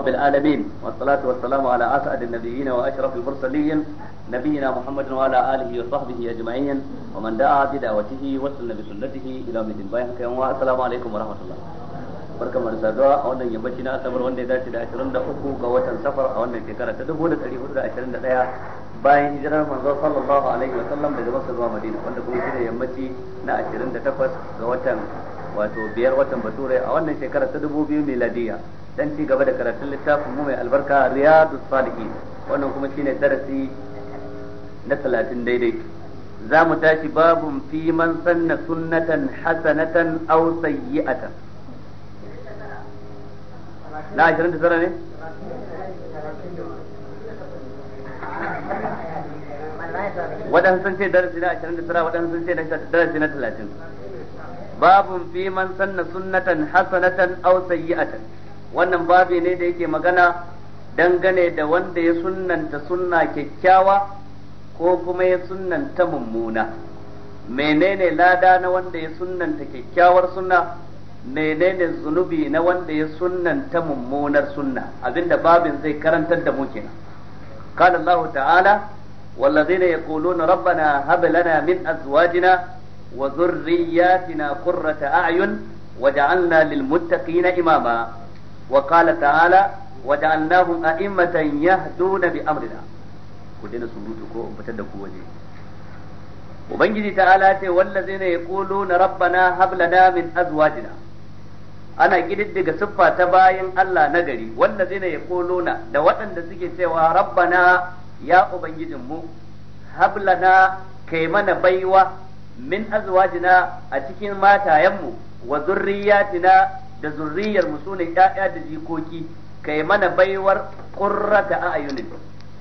رب العالمين والصلاة والسلام على أسعد النبيين وأشرف المرسلين نبينا محمد وعلى آله وصحبه أجمعين ومن دعا بدعوته وسن بسنته إلى مدين بايحك السلام عليكم ورحمة الله barkan da saduwa a wannan yammaci na asabar wanda ya dace da 23 ga watan safar a wannan shekara ta 1421 bayan hijirar manzo sallallahu alaihi wa sallam daga Makka zuwa Madina wanda kuma shine yammaci na 28 ga watan wato biyar watan bature a wannan shekara ta 2000 dan ci gaba da karatun littafin mu mai albarka riyadu salihin wannan kuma shine darasi na talatin daidai za mu tashi babun fi man sanna sunnatan hasanatan aw sayyi'atan na 29 ne wadan sun ce darasi na 29 wadan sun ce darasi na 30 babun fi man sanna sunnatan hasanatan aw sayyi'atan wannan babi ne da yake magana dangane da wanda ya sunnanta sunna kyakkyawa ko kuma ya sunnanta mummuna menene lada na wanda ya sunnanta kyakkyawar sunna menene zunubi na wanda ya sunnanta mummunar sunna abinda babin zai karantar da mu kenan قال الله تعالى والذين يقولون ربنا هب لنا من أزواجنا وذرياتنا قرة أعين وجعلنا للمتقين إماما wa qala ta'ala waja'alnahum a'immatan yahduna bi amrina ku dena surutu ko in fitar da ku ubangiji ta'ala ce wallazina yaquluna rabbana hab lana min azwajina ana kididdiga siffa ta bayan Allah na gari wallazina yaquluna da waɗanda suke cewa rabbana ya ubangijinmu hab lana kai mana baiwa min azwajina a cikin matayenmu wa zurriyatina da zurriyar mu sune ƴaƴa da jikoki kai mana baiwar qurrata ayunin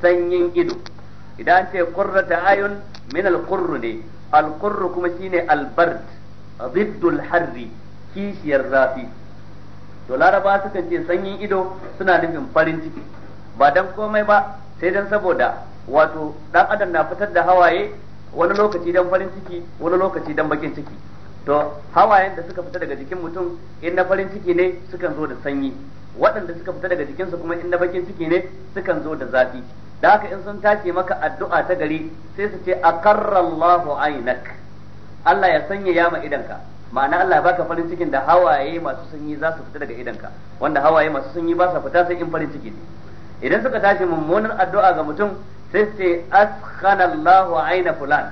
sanyin ido idan an ce qurrata ayun min al ne al kuma shine al-bard ziddul harri kishiyar zafi to laraba sukan ce sanyin ido suna nufin farin ciki ba dan komai ba sai dan saboda wato dan adam na fitar da hawaye wani lokaci dan farin ciki wani lokaci dan bakin ciki to hawayen da suka fita daga jikin mutum in na farin ciki ne sukan zo da sanyi waɗanda suka fita daga jikinsa kuma in na bakin ciki ne sukan zo da zafi da haka in sun tace maka addu'a ta gari sai su ce akarrallahu ainak Allah ya sanya yama idanka ma'ana Allah ya baka farin cikin da hawaye masu sanyi za su fita daga idanka wanda hawaye masu sanyi ba sa fita sai in farin ciki ne idan suka tashi mummunan addu'a ga mutum sai su ce askhanallahu aina fulan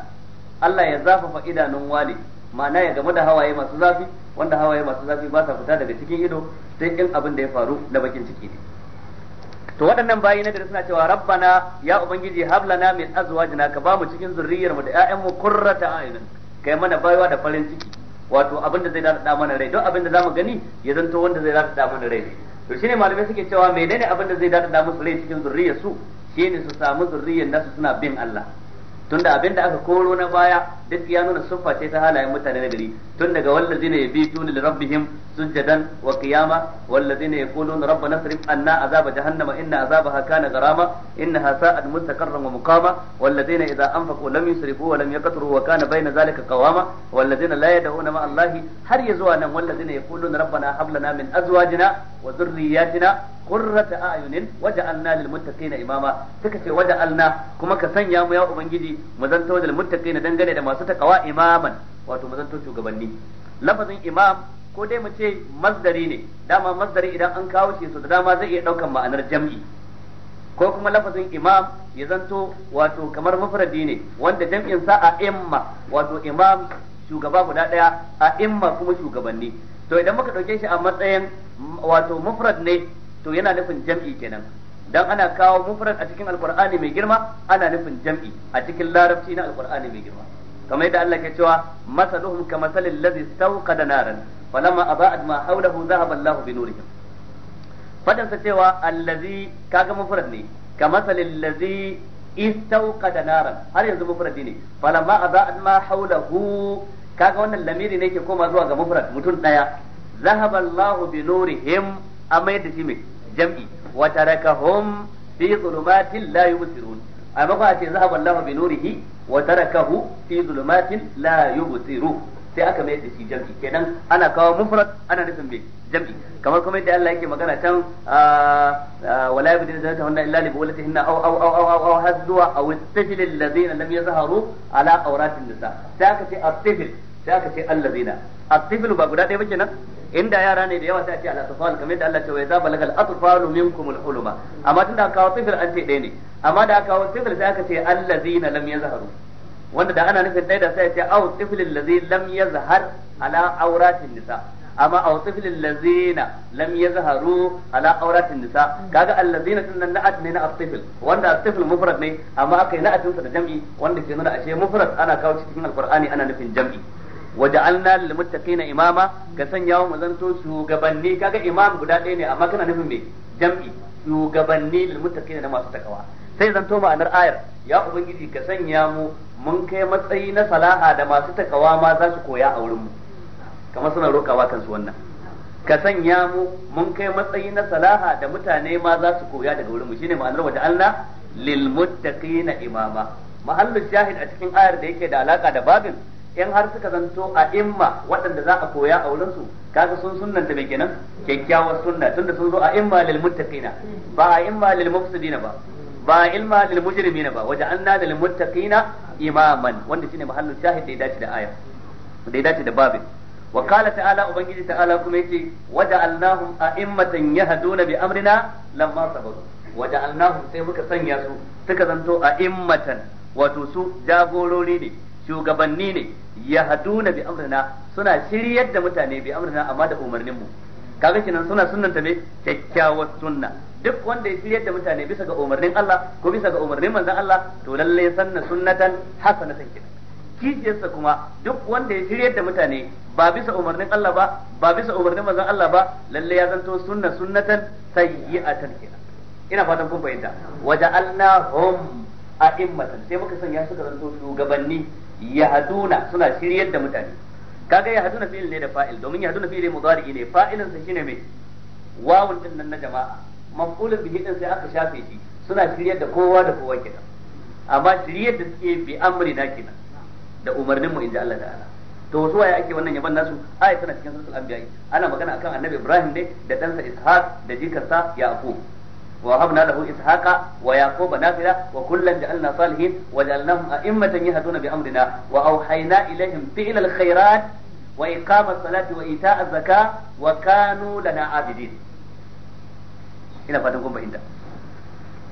Allah ya zafafa idanun wani ma'ana ya game da hawaye masu zafi wanda hawaye masu zafi ba sa fita daga cikin ido sai in abin da ya faru na bakin ciki ne to waɗannan bayi na suna cewa rabbana ya ubangiji hablana min azwajina ka bamu cikin zurriyar mu da ƴaƴan mu qurrata a'yunin kai mana baiwa da farin ciki wato abin da zai dada mana rai don abin da zamu gani ya zanto wanda zai dada mana rai to shine malamai suke cewa menene abin da zai dada musu rai cikin zurriyar su shine su samu zurriyar nasu suna bin Allah tunda abin da aka koro na baya duk ya nuna siffa ce ta halayen mutane na gari tun daga wallazina yabituna li rabbihim sujadan wa qiyama wallazina yaquluna rabbana sarif anna azaba jahannama inna azabaha kana garama innaha sa'at mustaqarran wa muqama wallazina idza anfaqu lam yusrifu wa lam yaqtaru wa kana bayna zalika qawama wallazina la yad'una ma allahi har yazuwa nan wallazina yaquluna rabbana hab lana min azwajina wa dhurriyyatina qurrata a'yunin waj'alna lil muttaqina imama suka ce waj'alna kuma ka sanya mu ya ubangiji mu zanto da muttaqin dangane da masu takawa imaman wato mu zanto shugabanni lafazin imam ko dai mu ce masdari ne dama masdari idan an kawo shi so da dama zai iya daukan ma'anar jam'i ko kuma lafazin imam ya zanto wato kamar mafradi ne wanda jam'in sa a imma wato imam shugaba guda daya a imma kuma shugabanni to idan muka dauke shi a matsayin wato mufrad ne to yana nufin jam'i kenan dan ana kawo mufrad a cikin alqur'ani mai girma ana nufin jam'i a cikin larabci na alqur'ani mai girma kamar yadda Allah ke cewa masaluhum kamasalil ladzi stawqada naran falamma aba'at ma hawlahu dhahaba Allahu bi nurihim fadan sa cewa allazi kaga mufrad ne kamasalil ladzi istawqada naran har yanzu mufrad ne falamma aba'at ma hawlahu kaga wannan lamiri ne ke koma zuwa ga mufrad mutum daya dhahaba Allahu bi nurihim amma yadda shi mai jam'i wa tarakahum fi zulumatin la yubsirun a a ce zahaba Allah bi nurihi wa sai aka mai da shi jam'i kenan ana kawo mufrad ana nufin me jam'i kamar kuma yadda Allah yake magana can wala da zata hunna illa li bulatihinna aw aw aw aw aw hazwa aw istifil alladhina lam yazharu ala awratin nisa sai aka ce astifil sai aka ce allazina at-tiflu ba guda ɗaya ba kenan inda yara ne da yawa sai a ce al-atfal kamar yadda Allah ya ce wa idza balagal atfalu minkum al-huluma amma tunda aka kawo tifl an ce ɗaya ne amma da aka kawo tifl sai aka ce allazina lam yazharu wanda da ana nufin ɗaya da sai a ce aw tifl allazi lam yazhar ala auratin nisa amma aw tifl allazina lam yazharu ala auratin nisa kaga allazina din nan na'at ne na at-tifl wanda at-tifl mufrad ne amma aka yi na'atin da jam'i wanda ke nuna ashe mufrad ana kawo cikin alqur'ani ana nufin jam'i waja'alna lil muttaqina imama ka sanya zan to shugabanni kaga imam guda ɗaya ne amma kana nufin me jam'i shugabanni lil muttaqina na masu takawa sai zanto ma'anar ayar ya ubangiji ka sanya mu mun kai matsayi na salaha da masu takawa ma za su koya a wurin mu kamar suna rokawa kansu wannan ka sanya mu mun kai matsayi na salaha da mutane ma za su koya daga wurin mu shine ma'anar wa ja'alna lil muttaqina imama mahallu shahid a cikin ayar da yake da alaka da babin in har suka zanto a imma waɗanda za a koya a wurin su kaga sun sunnanta mai kenan kyakkyawar sunna tunda sun zo a imma lil muttaqina ba a imma lil mufsidina ba ba a ilma lil mujrimina ba waje anna lil muttaqina imaman wanda shine mahallin shahid da ya dace da aya da ya dace da babin wa qala ta'ala ubangiji ta'ala kuma yace waja'alnahum a'immatan yahduna bi amrina lamma sabaru allahum sai muka sanya su suka zanto immatan wato su jagorori ne shugabanni ne ya na bi amrina suna shiryar da mutane bi amrina amma da umarnin mu kaga kinan suna sunnanta ne kyakkyawar sunna duk wanda ya shiryar da mutane bisa ga umarnin Allah ko bisa ga umarnin manzon Allah to lalle sanna sunnatan hasanatan kinan kijiyarsa kuma duk wanda ya shiryar da mutane ba bisa umarnin Allah ba ba bisa umarnin manzon Allah ba lalle ya zanto sunna sunnatan sayyi'atan kenan ina fatan kun fahimta waja'alnahum a'immatan sai muka sanya ga zanto shugabanni yahduna suna shiryar da mutane kaga yahduna fi'il ne da fa'il domin yahduna fi'il mudari ne fa'ilin sa shine me wawun din nan na jama'a maf'ulun bihi din sai aka shafe shi suna shiryar da kowa da kowa kenan amma shiryar da suke bi amri na kenan da umarnin mu inda Allah ta'ala to wasu waye ake wannan yaban nasu ai tana cikin suratul anbiya ana magana akan annabi Ibrahim ne da ɗansa Ishaq da jikarsa Yaqub ووهبنا له إسحاق ويعقوب نافلة وكلا جعلنا صالحين وجعلناهم أئمة يهدون بأمرنا وأوحينا إليهم فعل الخيرات وإقام الصلاة وإيتاء الزكاة وكانوا لنا عابدين هنا فاتنكم بإنده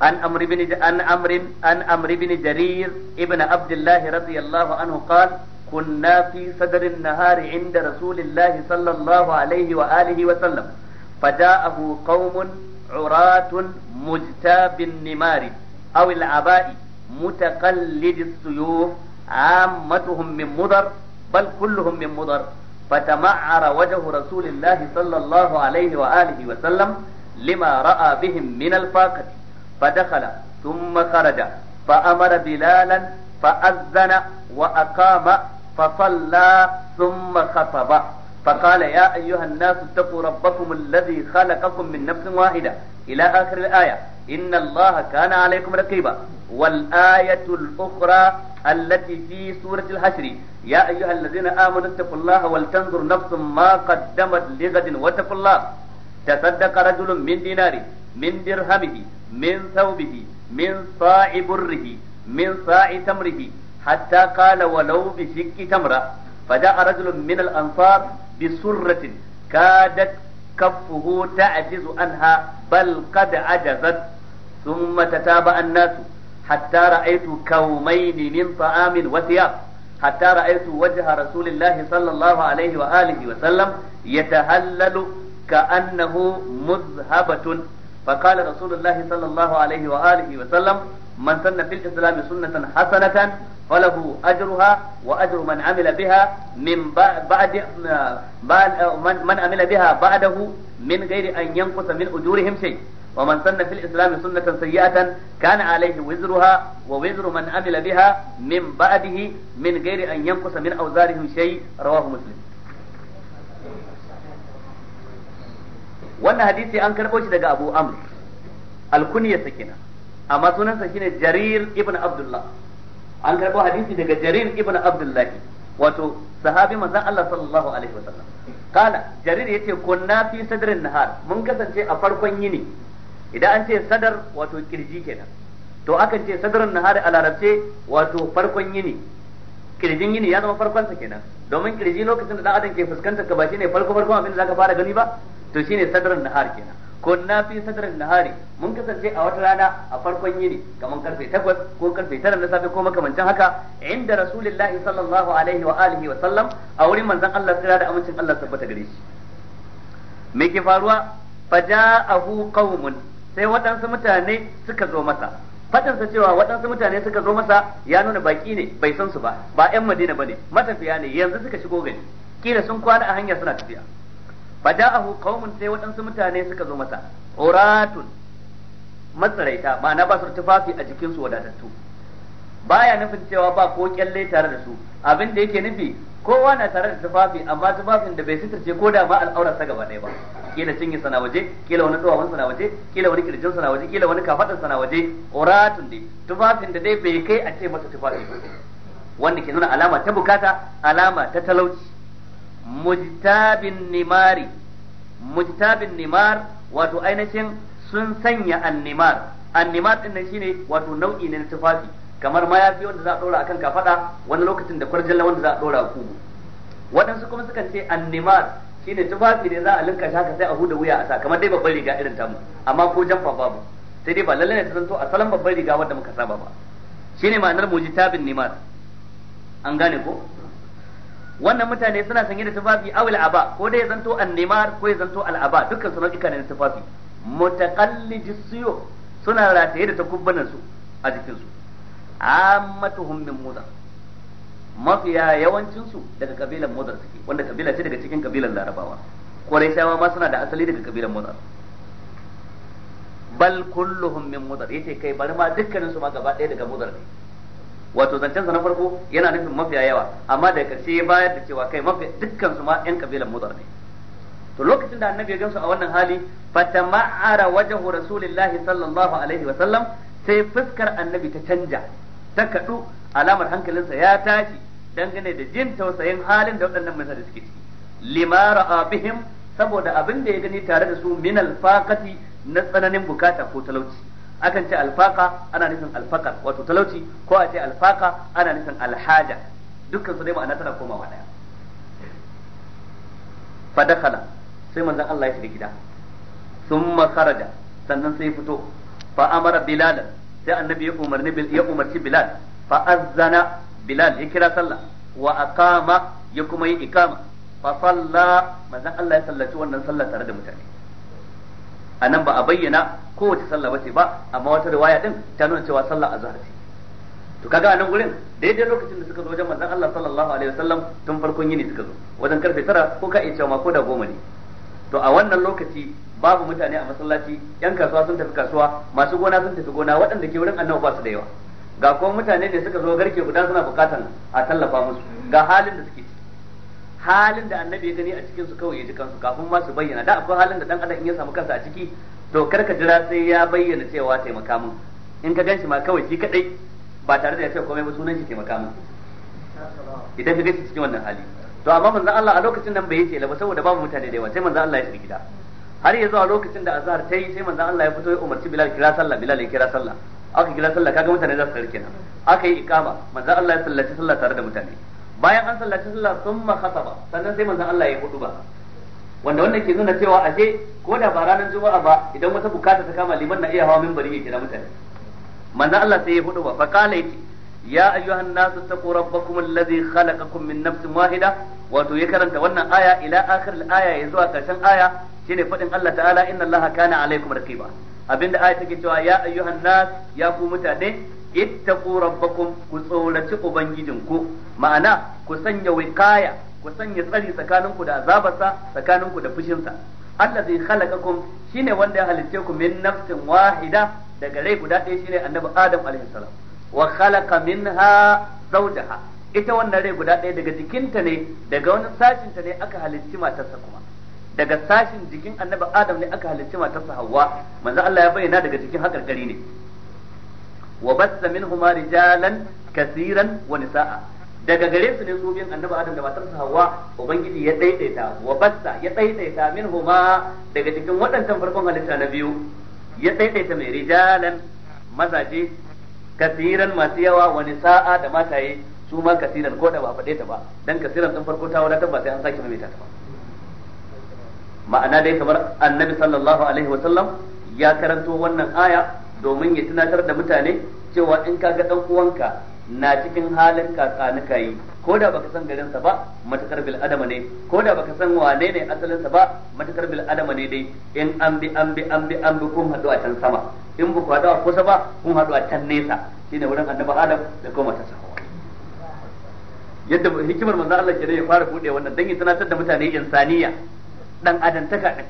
عن أمر بن عن أمر عن أمر بن جرير ابن عبد الله رضي الله عنه قال كنا في صدر النهار عند رسول الله صلى الله عليه وآله وسلم فجاءه قوم عراة مجتاب النمار أو العباء متقلد السيوف عامتهم من مضر بل كلهم من مضر فتمعر وجه رسول الله صلى الله عليه وآله وسلم لما رأى بهم من الفاقة فدخل ثم خرج فأمر بلالا فأذن وأقام فصلى ثم خطب فقال يا أيها الناس اتقوا ربكم الذي خلقكم من نفس واحدة إلى آخر الآية إن الله كان عليكم رقيبا والآية الأخرى التي في سورة الحشر يا أيها الذين آمنوا اتقوا الله ولتنظر نفس ما قدمت لغد واتقوا الله تصدق رجل من ديناره من درهمه من ثوبه من صاع بره من صاع تمره حتى قال ولو بشك تمره فجاء رجل من الأنصار bisurratin kadat كفه تعجز عنها بل قد عجزت ثم تتابع الناس حتى رأيت كومين من طعام وثياب حتى رأيت وجه رسول الله صلى الله عليه وآله وسلم يتهلل كأنه مذهبة فقال رسول الله صلى الله عليه وآله وسلم man sanna fil islam sunnatan hasanatan falahu ajruha an yanqusa ومن سن في الإسلام سنة سيئة كان عليه وزرها ووزر من عمل بها من بعده من غير أن ينقص من أوزارهم شيء رواه مسلم wannan hadisi an karɓo shi daga Abu Amr alkuniya sakina amma sunansa shine Jarir ibn Abdullah an karbo hadisi daga Jarir ibn Abdullah wato sahabi manzon Allah sallallahu alaihi wa sallam kala Jarir yace kunna fi sadrin nahar mun kasance a farkon yini idan an ce sadar wato kirji kenan to akan ce sadrin nahar a larabce wato farkon yini kirjin yini ya zama farkon sa kenan domin kirji lokacin da dan adam ke fuskantar ka ba shine farko farkon abin da zaka fara gani ba to shine sadrin nahar kenan kunna fi sadrin nahari mun kasance a wata rana a farkon yini kamar karfe 8 ko karfe 9 na safe ko makamancin haka inda rasulullahi sallallahu alaihi wa alihi wa sallam a wurin manzon Allah tsira da amincin Allah tabbata gare shi me ke faruwa faja'ahu qaumun sai waɗansu mutane suka zo masa sa cewa waɗansu mutane suka zo masa ya nuna baki ne bai san su ba ba 'yan madina ba ne matafiya ne yanzu suka shigo gari kila sun kwana a hanya suna tafiya fada'ahu qaumun sai waɗansu mutane suka zo masa uratun matsaraita ma'ana ba su tufafi a jikinsu wadatattu baya nufin cewa ba ko kyalle tare da su abin da yake nufi kowa na tare da tufafi amma tufafin da bai sitirce ko da ma al'aurar sa gaba ɗaya ba kila cinye sana waje kila wani duwawan sana waje kila wani kirjin sana waje kila wani kafadin sana waje uratun dai tufafin da dai bai kai a ce masa tufafi wanda ke nuna alama ta bukata alama ta talauci mujtabin nimari mujtabin nimar wato ainihin sun sanya annimar annimar din nan shine wato nau'i ne na tufafi kamar mayafi wanda za a dora akan kafada wani lokacin da kwarjalla wanda za a dora kugu waɗansu kuma sukan ce annimar shine tufafi ne za a linka shaka sai a huda wuya a sa kamar dai babban riga irin tamu amma ko jamfa babu sai dai ba lalle ne ta a salon babban riga wanda muka saba ba shine ma'anar mujitabin nimar an gane ko wannan mutane suna sanye da tufafi awil aba ko dai zanto annimar ko ya zanto al'aba dukkan su nau'ika ne na tufafi mutaqallidi siyo suna rataye da takubbanan su a jikin su ammatuhum min mudar mafiya yawancin su daga kabilan mudar suke wanda kabila ce daga cikin kabilan larabawa quraishawa ma suna da asali daga kabilan mudar bal kulluhum min mudar yace kai bari ma dukkanin su ma gaba ɗaya daga mudar ne wato zancensa na farko yana nufin mafiya yawa amma da karshe ya bayar da cewa kai mafi dukkan su ma yan kabilan mudar ne to lokacin da annabi ya gamsu a wannan hali fatama'ara wajhu rasulillahi sallallahu alaihi wa sallam sai fuskar annabi ta canja ta kadu alamar hankalinsa ya tashi dangane da jin tausayin halin da waɗannan mutane suke ciki Limara ra'a bihim saboda abin da ya gani tare da su min alfaqati na tsananin bukata ko talauci akan ce alfaka ana nufin alfakar wato talauci ko a ce alfaka ana nufin alhaja dukkan su dai ma'ana tana komawa daya fa dakhala sai manzon Allah ya shiga gida thumma kharaja sannan sai fito fa amara bilal sai annabi ya umarni ya umarci bilal fa azzana bilal ya kira sallah wa aqama ya kuma yi ikama fa salla manzon Allah ya sallaci wannan sallah tare da mutane A nan ba a bayyana kowace sallah ba ce ba amma wata riwaya din ta nuna cewa sallah zahar ce to kaga nan gurin daidai lokacin da suka zo wajen manzon Allah sallallahu alaihi wasallam tun farkon yini suka zo wajen karfe tara ko ka iya cewa ko da goma ne to a wannan lokaci babu mutane a masallaci yan kasuwa sun tafi kasuwa masu gona sun tafi gona waɗanda ke wurin annabi ba su da yawa ga kuma mutane ne suka zo garke guda suna bukatan a tallafa musu ga halin da suke ciki halin da annabi ya gani a cikin su kawai ya ji kansu kafin ma su bayyana da akwai halin da dan adam in ya samu kansa a ciki to kar ka jira sai ya bayyana cewa taimaka min in ka ganshi ma kawai shi kadai ba tare da ya ce komai ba sunan shi taimaka min idan ka ganshi cikin wannan hali to amma manzon Allah a lokacin nan bai yi ba saboda babu mutane da yawa sai manzon Allah ya shiga gida har ya zuwa lokacin da azhar ta yi sai manzon Allah ya fito ya umarci Bilal kira sallah Bilal ya kira sallah aka kira sallah kaga mutane za su tsare kenan aka yi ikama manzon Allah ya sallaci sallah tare da mutane bayan an sallaci sallah summa khataba sannan sai manzon Allah ya hudu ba wanda wannan ke nuna cewa ashe ko da ba ranar juma'a ba idan wata bukata ta kama liman na iya hawa minbari ya kira mutane manzon Allah sai ya hudu ba fa kala yace ya ayyuhan nasu taqu rabbakum alladhi khalaqakum min nafsin wahida wato ya karanta wannan aya ila akhir al-aya ya zuwa karshen aya shine fadin Allah ta'ala inna Allaha kana alaikum raqiba abinda aya take cewa ya ayyuhan nas ya ku mutane ittaqu rabbakum ku tsoraci ku. ma'ana ku sanya wikaya ku sanya tsari tsakaninku da azabarsa tsakaninku da fushinsa allazi khalaqakum shine wanda ya halicce ku min nafsin wahida daga rai guda ɗaya shine annabi adam alaihi salam wa khalaqa minha zawjaha ita wannan rai guda ɗaya daga jikinta ne daga wani sashin ta ne aka halicci matarsa kuma daga sashin jikin annabi adam ne aka halicci matarsa hawa manzo Allah ya bayyana daga jikin gari ne wa bassa minhuma rijalan kasiran wa nisaa daga gare su ne su biyan annabi adam da matarsa hawa ubangiji ya daidaita wa bassa ya daidaita min huma. daga cikin waɗancan farkon halitta na biyu ya daidaita mai rijalan mazaje kasiran masu yawa wa nisaa da mataye su ma kasiran ko da ba faɗe ta ba dan kasiran din farko ta wadatar ba sai an sake maimaita ta ba ma'ana dai kamar annabi sallallahu alaihi wa sallam ya karanto wannan aya domin ya tunatar da mutane cewa in ka ga dan uwanka na cikin halin katsanuka yi ko da baka san sa ba matakar bil adama ne ko da baka san wane ne sa ba matakar bil adama ne dai in an bi an bi an bi an bi kun haɗu a can sama in ba ku haɗu a kusa ba kun haɗu a can nesa shine wurin annabi adam da kuma ta sahawa yadda hikimar manzo Allah kenan ya fara bude wannan dan ya tunatar da mutane insaniya dan adantaka din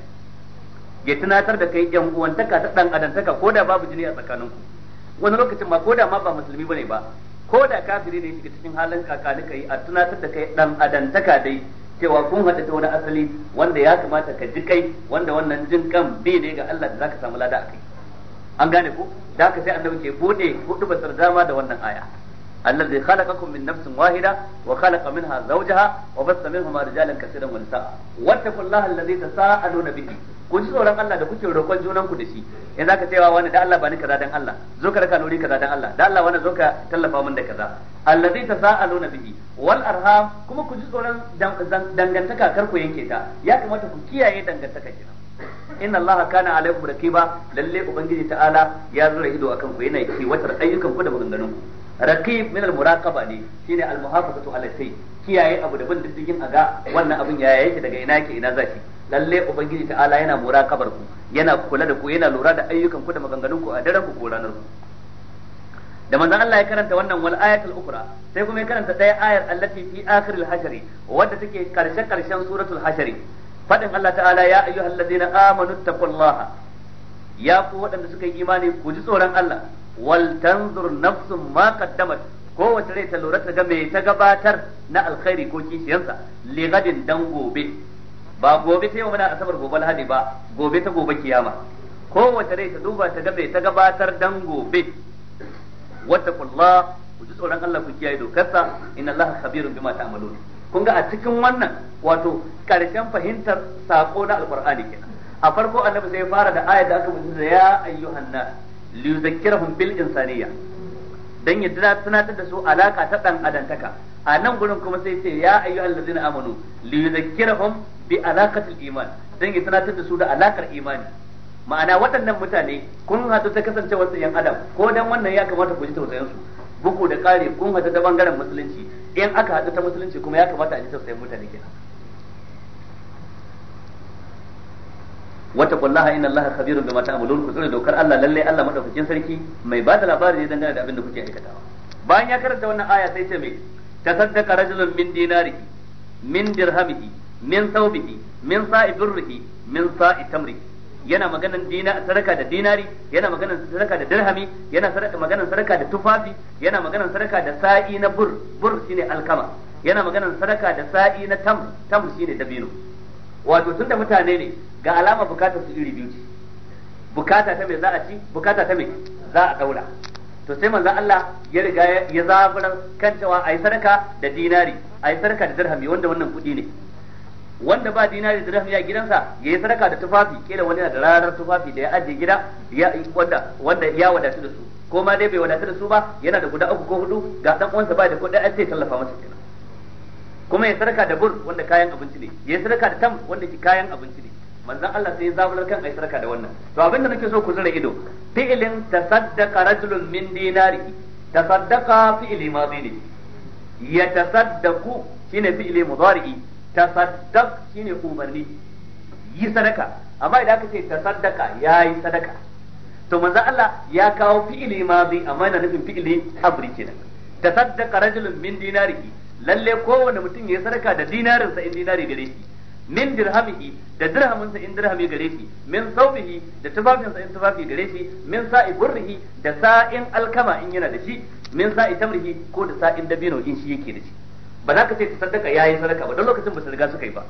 ya tunatar da kai yan uwantaka ta dan adantaka ko da babu jini a tsakaninku wani lokacin ma ko da ma ba musulmi bane ba ko da kafiri ne shiga cikin halin kakani kai a tunatar da kai dan adantaka dai cewa kun haɗu ta wani asali wanda ya kamata ka ji kai wanda wannan jin kan bi ne ga Allah da zaka samu lada a kai an gane ko da haka sai annabi ke bude hudu basar dama da wannan aya الذي خلقكم من نفس واحدة وخلق منها زوجها وبث منهما رجالا كثيرا ونساء واتقوا الله الذي تساءلون به ku ji tsoron Allah da kuke roƙon junan ku da shi yanzu ce wa wani da Allah ba ni kaza dan Allah zo ka raka nuri kaza dan Allah da Allah wani zo ka tallafa mun da kaza allazi a bihi wal arham kuma ku ji tsoron dangantaka kar ku yanke ta ya kamata ku kiyaye dangantaka kenan inna Allah kana Alaykum rakiba lalle ubangiji ta'ala ya zura ido akan ku yana kiwatar ayyukan ku da maganganun ku raqib min al muraqaba ne shine al muhafazatu ala kiyaye abu daban diddigin aga wannan abin yaya yake daga ina yake ina zaki lalle ubangiji ta'ala yana mura kabar ku yana kula da ku yana lura da ayyukan ku da maganganun ku a daren ku ko ranar ku da manzon Allah ya karanta wannan wal ayatul ukhra sai kuma ya karanta daya ayar allati fi akhiril hashri wadda take karshe karshen suratul hashri fadin Allah ta'ala ya ayyuhal ladina amanu taqullaha ya ku waɗanda suka yi imani ku ji tsoron Allah wal tanzur nafsum ma qaddamat kowace rai ta lura ta ga mai ta gabatar na alkhairi ko kishiyansa li gadin dan gobe ba gobe ta yau muna asabar gobe lahadi ba gobe ta gobe kiyama kowace rai ta duba ta gabe ta gabatar dan gobe kullah ku ji tsoron Allah ku kiyaye dokarsa inna Allah khabirun bima ta'malun kun ga a cikin wannan wato karshen fahimtar sako na alqur'ani kenan a farko annabi sai fara da ayat da aka mutu da ya ayyuhan nas li yuzakkirahum bil insaniya dan ya tunatar da su alaka ta dan adantaka a nan gurin kuma sai ce ya ayyuhal ladina amanu li yuzakkirahum bi alaqatil iman dan ya tunatar da su da alakar imani ma'ana waɗannan mutane kun hadu ta kasance wasu yan adam ko dan wannan ya kamata ku ji tausayin su buku da kare kun hadu da bangaren musulunci in aka hadu ta musulunci kuma ya kamata a ji tausayin mutane kenan kullaha inna allaha khabirun bima ta'malun ku tsare dokar Allah lalle Allah madaukakin sarki mai bada da labari ne dangane da abin da kuke aikatawa bayan ya karanta wannan aya sai ce mai tasaddaqa rajulun min dinarihi min dirhamihi min saubihi min sa'i birrihi min sa'i tamri yana maganan dina sadaka da dinari yana maganan sadaka da dirhami yana sadaka maganan sadaka da tufafi yana maganan sadaka da sa'i na bur bur shine alkama yana maganan sadaka da sa'i na tam tam shine dabino wato tunda mutane ne ga alama bukatar su iri biyu ce bukata ta me za a ci bukata ta me za a daura to sai manzo Allah ya riga ya zaburar kan cewa ai sadaka da dinari ai sadaka da dirhami wanda wannan kudi ne wanda ba dinari da dirham ya gidansa ya yi sadaka da tufafi kila wani yana da rarar tufafi da ya ajiye gida ya wanda wanda ya wadatu da su ko ma dai bai wadatu da su ba yana da guda uku ko hudu ga dan uwansa ba da kuɗi ai sai tallafa masa kenan kuma ya sadaka da bur wanda kayan abinci ne ya sadaka da tam wanda ke kayan abinci ne manzon Allah sai ya zabular kan ai sadaka da wannan to abin da nake so ku zura ido fi'ilin tasaddaqa rajulun min dinari tasaddaqa fi'ili madi ne yatasaddaqu shine fi'ili mudari'i tasaddaq shine umarni yi sadaka amma idan aka ce tasaddaqa yayi sadaka to manzo Allah ya kawo fi'ili madi amma yana nufin fi'ili amri kenan tasaddaqa rajulun min dinarihi lalle kowanne mutum ya sadaka da dinarinsa in dinari gare shi min dirhamihi da sa in dirhami gare shi min saubihi da tufafinsa in tufafi gare shi min sa'i burrihi da sa'in alkama in yana da shi min sa'i tamrihi ko da sa'in dabino in shi yake da shi ba za ka ce ta sadaka yi sadaka ba don lokacin ba su riga suka yi ba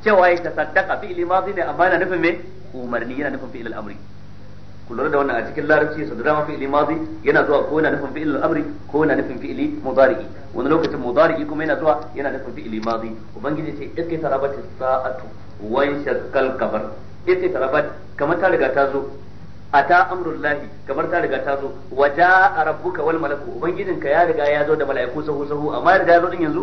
cewa ya tasaddaqa fi ilmadi ne amma yana nufin me umarni yana nufin fi'il al-amri ku lura da wannan a cikin larabci su da dama fi'il madi yana zuwa ko yana nufin fi'il al-amri ko yana nufin fi'ili mudari'i wani lokacin mudari'i kuma yana zuwa yana nufin fi'il madi ubangiji ce ikki tarabat sa'atu wa shakkal kabar ikki tarabat kamar ta riga ta zo ata amrullahi kamar ta riga ta zo wa jaa rabbuka wal malaku ubangijinka ya riga ya zo da malaiku sahu sahu amma ya riga ya zo din yanzu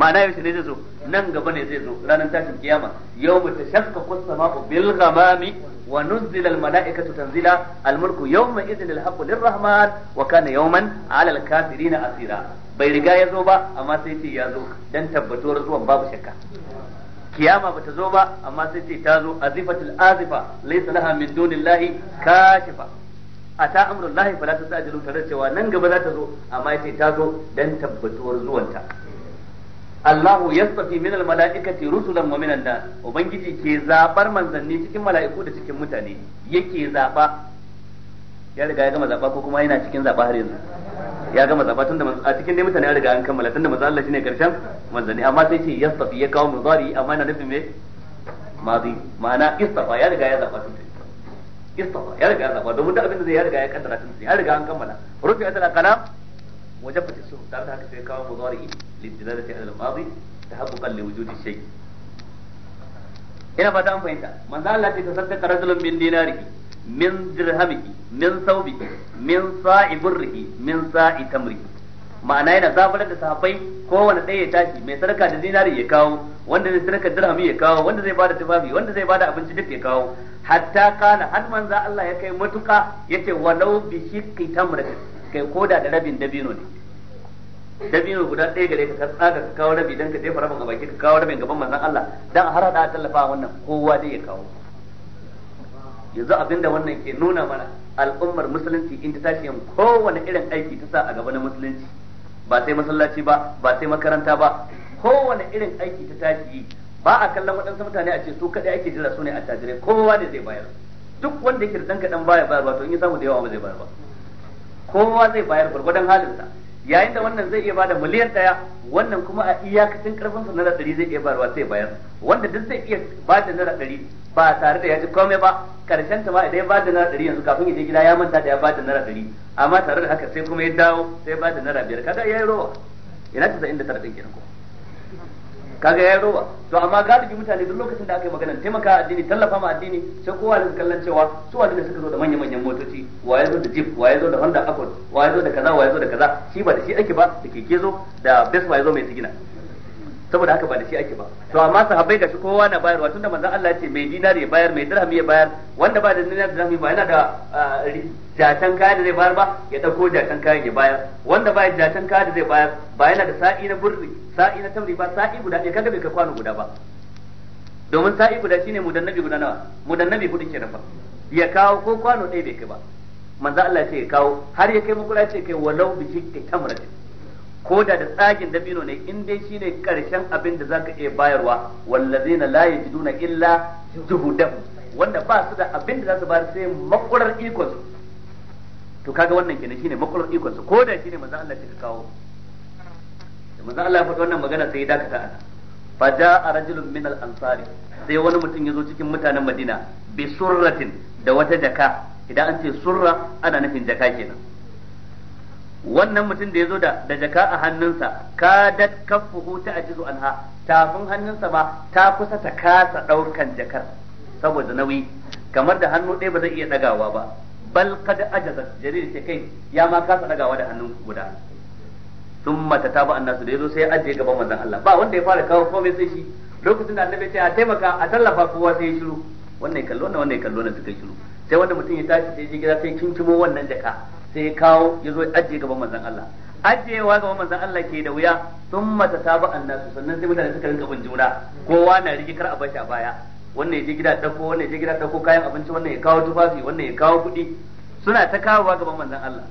ma'ana yaushe ne zai zo nan gaba ne zai zo ranar tashin kiyama yawma tashaqqaqu as-sama'u bil ghamami wa nuzila al mala'ikatu tanzila al mulku yawma idhin al haqqu lirrahman wa kana yawman 'ala al kafirina asira bai riga ya zo ba amma sai ce ya zo dan tabbatuwar zuwan babu shakka kiyama bata zo ba amma sai ce ta zo azifatul azifa laysa laha min dunillahi kashifa ata amrullahi fala tasajilu tare cewa nan gaba za ta zo amma yace ta zo dan tabbatuwar zuwanta Allahu yasfi min almalaikati rusulan wa minan nas ubangiji ke zabar manzanni cikin mala'iku da cikin mutane yake zaba ya riga ya gama zaba ko kuma yana cikin zaba har yanzu ya gama zaba tunda a cikin dai mutane ya riga an kammala tunda manzo Allah shine karshen manzanni amma sai ce yastafi ya kawo mudari amma na nufin me madi ma'ana istafa ya riga ya zaba tunda istafa ya riga ya zaba domin duk abin da zai ya riga ya kaddara tunda ya riga an kammala rufi asal kalam وجبت السوق تعرف هكذا في كلام مضارعي madi على الماضي تحققا لوجود ina fata an fahimta manzo Allah ذا الذي تصدق رجل bin ديناره min dirhamiki min saubiki min sa'i burrihi min sa'i tamrihi ma'ana yana zabarar da sahabbai kowane ɗaya ya tashi mai sadaka da zinari ya kawo wanda zai sarka dirhami ya kawo wanda zai bada tufafi wanda zai bada abinci duk ya kawo hatta kana har manzo Allah ya kai matuka yace walau bi shiqqi tamratin kai koda da rabin dabino ne dabino guda ɗaya gare ka tsaga ka kawo rabi dan ka jefa rabin a baki ka kawo rabin gaban manzon Allah dan har hada tallafa wannan kowa dai ya kawo yanzu abinda wannan ke nuna mana al'ummar musulunci in ta tashi kowane irin aiki ta sa a gaba na musulunci ba sai masallaci ba ba sai makaranta ba kowane irin aiki ta tashi yi ba a kallon waɗansu mutane a ce su kaɗai ake jira su ne a tajirai kowa ne zai bayar duk wanda yake da ɗan kaɗan baya bayar ba to in ya samu da yawa ba zai bayar ba kowa zai bayar gwargwadon halinsa yayin da wannan zai iya bada miliyan daya wannan kuma a iyakacin karfin sa naira ɗari zai iya bayarwa sai bayar wanda duk zai iya bada naira ɗari ba tare da ya ji komai ba karshen ta ma idan ya bada naira ɗari yanzu kafin ya je gida ya manta da ya bada naira ɗari amma tare da haka sai kuma ya dawo sai bada naira biyar kada ya yi rowa ina ta inda tara ɗin kenan kuma kaga ya roba to amma galibi mutane duk lokacin da aka yi magana taimaka addini tallafa ma addini sai kowa da kallon cewa su wani suka zo da manyan manyan motoci wa ya zo da jeep wa ya da Honda Accord wa ya zo da kaza wa ya zo da kaza shi ba da shi ake ba da keke zo da best wa ya zo mai sigina saboda haka ba da shi ake ba to amma sahabbai gashi kowa na bayarwa tunda manzon Allah ya ce mai dinar ya bayar mai dirham ya bayar wanda ba da dinar dirham ba yana da ah, jatan kayan da zai bayar ba ya dauko jatan kayan ya bayar wanda ba da jatan kayan da zai bayar ba yana da sa'i na burri sa'i na tamri ba sa'i guda ɗaya kaga bai ka kwano guda ba domin sa'i guda shine mudannabi guda nawa mudannabi hudu kenan ba ya kawo ko kwano ɗaya bai kai ba manzo Allah ya ce ya kawo har ya kai makula ya ce kai walau bi shikki tamratin ko da da tsagin dabino ne in dai shine karshen abin da zaka iya bayarwa wallazina la yajiduna illa juhudahu wanda ba su da abin da za su bayar sai makurar ikon su to kaga wannan kenan shine makurar ikon su ko da shine manzo Allah ya kawo da manzo Allah ya faɗa wannan magana sai ya dakata ana fa jaa rajulun min al ansari sai wani mutum ya zo cikin mutanen Madina bi surratin da wata jaka idan an ce surra ana nufin jaka kenan wannan mutum da ya zo da da jaka a hannunsa kadat kaffuhu ta ajizu anha tafin hannunsa ba ta kusa ta kasa daukan jakar saboda nauyi kamar da hannu ɗaya ba zai iya dagawa ba bal kad ajaza jarir ce kai ya ma kasa dagawa da hannun guda ta tabu annasu da yazo sai ya ajiye gaban manzon Allah ba wanda ya fara kawo komai sai shi lokacin da annabi ya ce a taimaka a tallafa kowa sai ya shiru wannan kallo wannan wannan kallo na suka shiru sai wanda mutum ya tashi sai je gida sai kinkimo wannan jaka sai ya kawo ya zo ajiye gaban manzon Allah ajiyewa gaban manzon Allah ke da wuya sun mata taba nasu sannan sai mutane suka rinka bin juna kowa na rigikar a bashi a baya wannan ya je gida dauko wannan ya je gida dauko kayan abinci wannan ya kawo tufafi wannan ya kawo kuɗi suna ta kawo wa gaban manzon Allah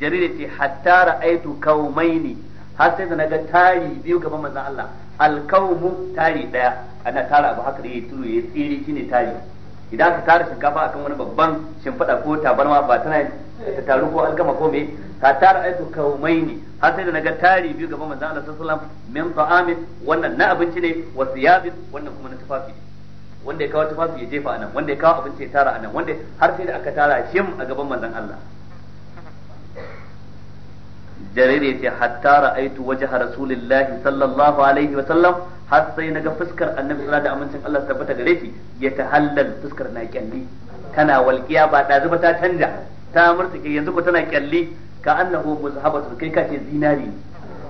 jarire ce hatta ra'aitu qaumaini har sai da ga tari biyu gaban manzon Allah alqaumu tari daya ana tara abu haka da yayi turu yayi tsiri shine tari idan aka tara shinkafa akan wani babban shimfiɗa ko tabarma ba tana ta taru ko alkama ko me ka tara aitu kaumai ne har sai da naga tari biyu gaban manzon Allah sallallahu alaihi wasallam min ta'amin wannan na abinci ne wa siyabin wannan kuma na tufafi wanda ya kawo tufafi ya jefa anan wanda ya kawo abinci ya tara anan wanda har sai da aka tara shim a gaban manzon Allah jarire ce hatta ra'aitu wajha rasulillahi sallallahu alaihi wasallam har sai naga fuskar annabi sallallahu da amincin Allah tabbata gare shi ya ta tahallal fuskar na kyalli Kana walqiya ba da zuba ta canja ta murtsike yanzu ko tana kyalli ka annahu muzhabatu kai ka ce zinari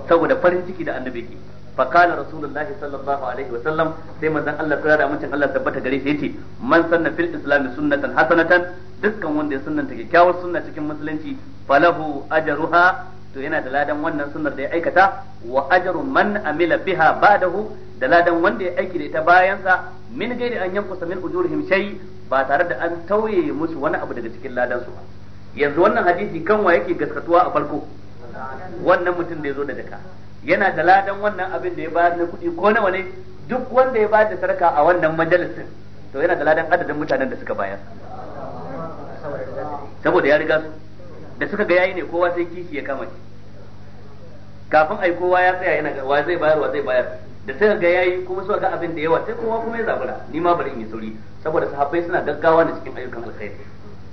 saboda farin ciki da annabi ke fa kana rasulullahi sallallahu alaihi wa sallam sai manzon Allah sallallahu da amincin Allah tabbata gare shi yace man sanna fil islam sunnatan hasanatan dukkan wanda ya sunnanta kyakkyawar sunna cikin musulunci falahu ajruha to yana da ladan wannan sunnar da ya aikata wa ajru man amila biha ba'dahu da ladan wanda ya aiki da ita bayan sa min gairi an yankusa min ujurihim shay ba tare da an tauye musu wani abu daga cikin ladan su yanzu wannan hadisi kan wa yake gaskatuwa a farko wannan mutum da ya zo da jaka yana da ladan wannan abin da ya bayar na kuɗi ko nawa ne duk wanda ya bayar da sarka a wannan majalisin to yana da ladan adadin mutanen da suka bayar saboda ya riga su da suka ga yayi ne kowa sai kishi ya kama shi kafin ai kowa ya tsaya yana wa zai bayar wa zai bayar da suka ga yayi kuma suka ga abin da yawa sai kowa kuma ya zabura ni ma bari in yi sauri saboda sahabbai suna gaggawa ne cikin ayyukan alkhairi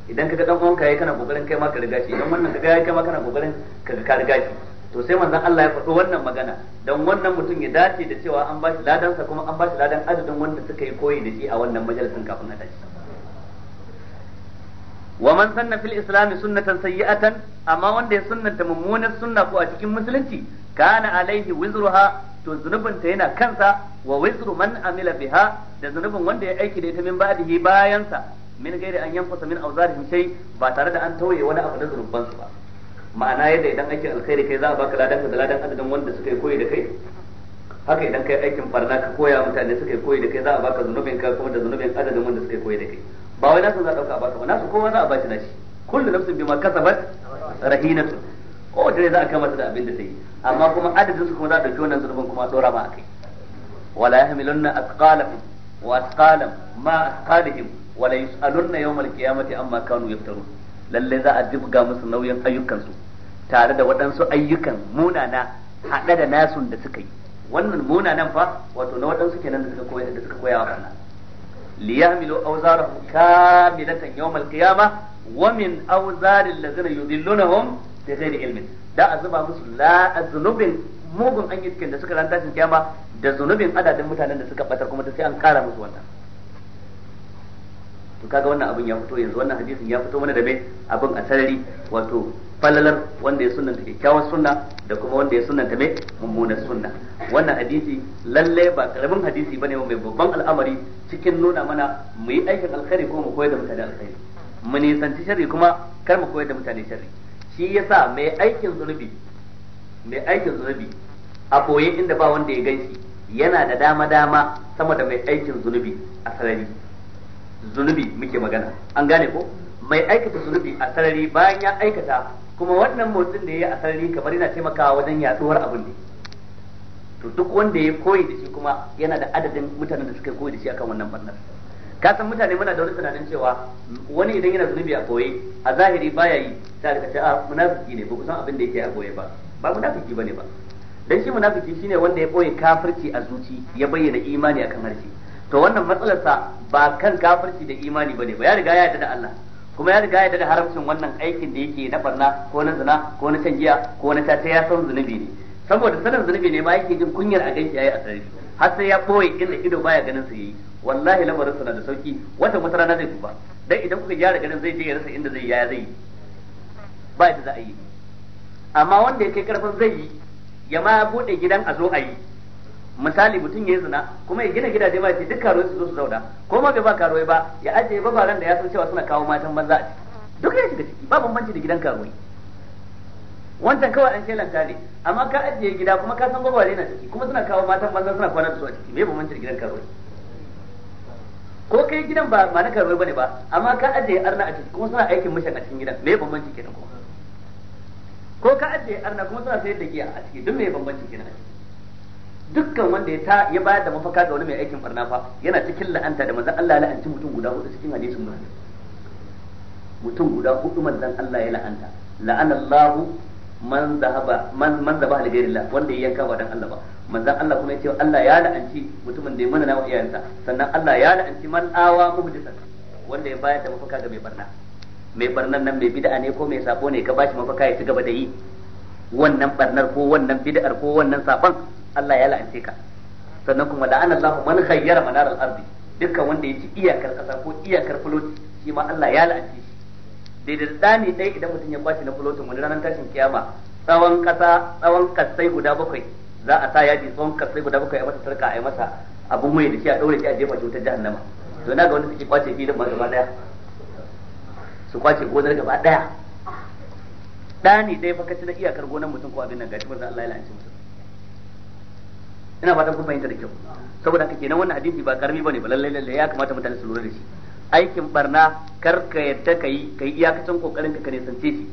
idan kaga dan uwanka yayi kana kokarin kai ma ka riga shi idan wannan kaga yayi kai ma kana kokarin ka ka riga shi to sai manzon Allah ya faɗo wannan magana dan wannan mutum ya dace da cewa an ba shi sa kuma an ba shi ladan adadin wanda suka yi koyi da shi a wannan majalisin kafin a tashi wa man sanna fil islam sunnatan sayyi'atan amma wanda ya sunnanta mummunar sunna ko a cikin musulunci kana alaihi wizruha to zunubin ta yana kansa wa wizru man amila biha da zunubin wanda ya aiki da ita min ba'dihi bayan sa min gairi an yanfasa min awzarihim shay ba tare da an tauye wani abu da zunuban su ba ma'ana yadda idan aikin alkhairi kai za a baka ladan da ladan adadin wanda suka koyi da kai haka idan kai aikin barna ka koya mutane suka koyi da kai za a baka zunubin ka kuma da zunubin adadin wanda suka koyi da kai ba wai nasu za a dauka a baka ba nasu kowa za a bashi nashi kullu nafsin bima kasabat rahinatu ko dare za a kai masa da abin da ta yi amma kuma adadin su kuma za a dauki wannan zurbin kuma a dora ma akai wala yahmilunna athqalahum wa athqalam ma athqalihim wala yusalunna yawmal qiyamati amma kanu yaftarun lalle za a dibga musu nauyin ayyukansu tare da waɗansu ayyukan munana haɗe da nasun da suka yi wannan munanan fa wato na waɗansu kenan da suka koya da suka koya wa liyahmilu awzarahum kamilatan yawmal qiyamah wa min awzaril ladzina yudillunahum bi ghairi ilmin da a zuba musu la mugun an cikin da suka ran tashin kiyama da zunubin adadin mutanen da suka batar kuma sai an kara musu wannan to kaga wannan abin ya fito yanzu wannan hadisin ya fito mana da me abin a sarari wato falalar wanda ya sunanta kyakkyawar sunna da kuma wanda ya sunanta mai mummunar sunna wannan hadisi lalle ba karamin hadisi bane mai babban al'amari cikin nuna mana mu yi aikin alkhairi ko mu koyar da mutane alkhairi mu nisanci sharri kuma kar mu koyar da mutane sharri shi yasa mai aikin zunubi mai aikin zunubi a koye inda ba wanda ya ganshi yana da dama dama sama da mai aikin zunubi a sarari zunubi muke magana an gane ko mai aikata zunubi a sarari bayan ya aikata kuma wannan motsin da ya yi a sarari kamar yana taimakawa wajen yaduwar abin ne to duk wanda ya koyi da shi kuma yana da adadin mutanen da suka koyi da shi akan wannan barnar ka san mutane muna da wani tunanin cewa wani idan yana zunubi a koyi a zahiri baya yi sai ka ce a ah, munafiki ne ba kusan abin da yake a koyi ba ba munafiki bane ba dan shi munafiki shine wanda ya koyi kafirci a zuci ya bayyana imani akan harshe to wannan matsalarsa ba kan kafirci da imani bane ba ya riga ya yarda da Allah kuma ya riga ya daga haramcin wannan aikin da yake na barna ko na zina ko na shan giya ko na tata ya san zunubi ne saboda sanin zunubi ne ma yake jin kunyar a ganki yayi a sarari har sai ya boye inda ido baya ganin su yayi wallahi lamarin na da sauki wata wata rana zai ba dan idan kuka gyara ganin zai je ya rasa inda zai yaya zai ba yadda za a yi amma wanda ya kai karfin zai yi ya ma bude gidan a zo a yi misali mutum ya yi zina kuma ya gina gidaje ba ce duk karuwa su zo su zauna ko ma bai ba karuwa ba ya ajiye babaran da ya san cewa suna kawo matan banza a ciki duk ya shiga ciki ba bambanci da gidan karuwa wancan kawai an shelanta ne amma ka ajiye gida kuma ka san babare na ciki kuma suna kawo matan banza suna kwana da su a ciki me bambanci da gidan karuwa ko kai gidan ba ma na karuwa bane ba amma ka ajiye arna a ciki kuma suna aikin mishan a cikin gidan me bambanci kenan ko ko ka ajiye arna kuma suna sayar da giya a ciki duk me bambanci kenan a ciki dukkan wanda ya ta ya bayar da mafaka ga wani mai aikin barna fa yana cikin la'anta da manzon Allah ya la'anci mutum guda hudu cikin hadisin Bukhari mutum guda hudu manzon Allah ya la'anta la'ana Allah man zahaba man man zaba li Allah wanda ya yanka wadan Allah ba manzon Allah kuma yace Allah ya la'anci mutumin da ya mana nawa iyayensa sannan Allah ya la'anci man awa muhdisan wanda ya bayar da mafaka ga mai barna mai barnan nan mai bid'a ne ko mai sabo ne ka bashi mafaka ya ci gaba da yi wannan barnar ko wannan bid'ar ko wannan sabon. Allah ya la'ance ka sannan kuma la'ana Allah man khayyara manar al-ardi dukkan wanda ya ci iyakar kasa ko iyakar fuloti shi ma Allah ya la'ance shi daidai da dani dai idan mutum ya kwace na fulotin wani ranar tashin kiyama tsawon kasa tsawon kasai guda bakwai za a sa yaji tsawon kasai guda bakwai a masa sarka a yi masa abu mai da shi a daure shi a jefa shi wutar jahannama to na ga wanda suke kwace filin ma gaba daya su kwace gonar gaba daya dani dai fa ka ci na iyakar gonar mutum ko abin nan gashi za Allah ya la'ance mutum ina fatan kun fahimta da kyau saboda kake nan wannan hadisi ba karami bane ba lalle lalle ya kamata mutane su lura da shi aikin barna kar ka yadda kai yi iyakacin kokarin ka ka nisance shi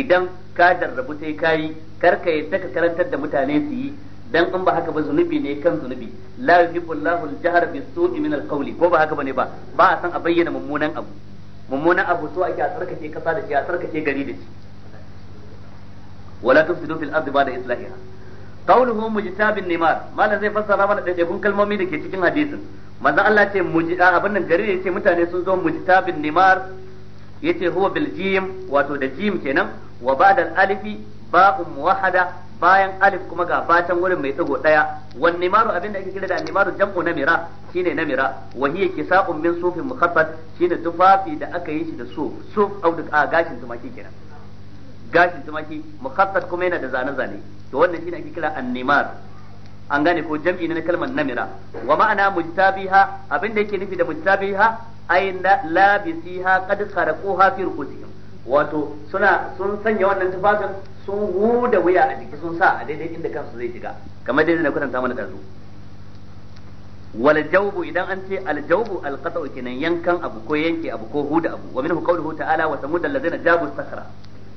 idan ka jarrabu sai kai kar ka yadda ka karantar da mutane su yi dan in ba haka ba zunubi ne kan zunubi la yuhibbullahu al-jahr bis-su'i min al-qawli ko ba haka bane ba ba a san a bayyana mummunan abu mummunan abu so ake a tsarkake kasa da shi a tsarkake gari da shi wala tufsidu fil ardi ba'da islahiha qawluhu mujtabin nimar Mallam zai fassara mana daidaikun kalmomi da ke cikin hadisin manzo Allah ce mujta abin nan jarir yace mutane sun zo mujtabin nimar yace huwa bil jim wato da jim kenan wa ba'da al alifi ba'un muwahada bayan alif kuma ga fatan wurin mai tsago ɗaya, wan nimaru abin da ake kira da nimaru jam'u namira shine namira wa sa kisa'un min sufin mukhaffaf shine tufafi da aka yi shi da suf suf au da gashin tumaki kenan gashin tumaki mukhassat kuma yana da zane-zane to wannan shine ake kira annimar an gane ko jam'i na kalmar namira wa ma'ana mujtabiha abinda yake nufi da mujtabiha ay labisiha qad kharaquha fi ruqusihim wato suna sun sanya wannan tufafin sun huda wuya a jiki sun sa a daidai inda kansu zai shiga kamar daidai na kwatanta mana dazu wal jawbu idan an ce al jawbu al qata'u kenan yankan abu ko yanke abu ko huda abu wa minhu qawluhu ta'ala wa samud allazina jabu sakhra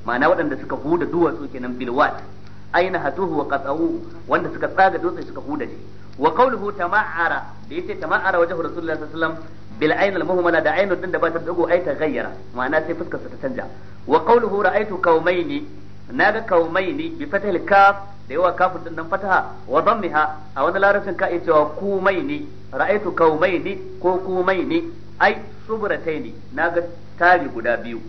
ma'ana waɗanda suka huda duwatsu kenan bilwat aina hatuhu wa qata'u wanda suka tsaga dutse suka huda shi wa qawluhu tama'ara da yace tama'ara wajhu rasulullahi sallallahu alaihi wasallam bil ayn al muhmala da aynun din da ba ta dago ai ta gayyara ma'ana sai fuskar sa ta canja wa qawluhu ra'aytu qaumaini naga qaumaini bi fathil kaf da yawa kafin din nan fataha wa dammiha a wani larabcin ka wa kumaini ra'aytu qaumaini ko kumaini ai subrataini naga tari guda biyu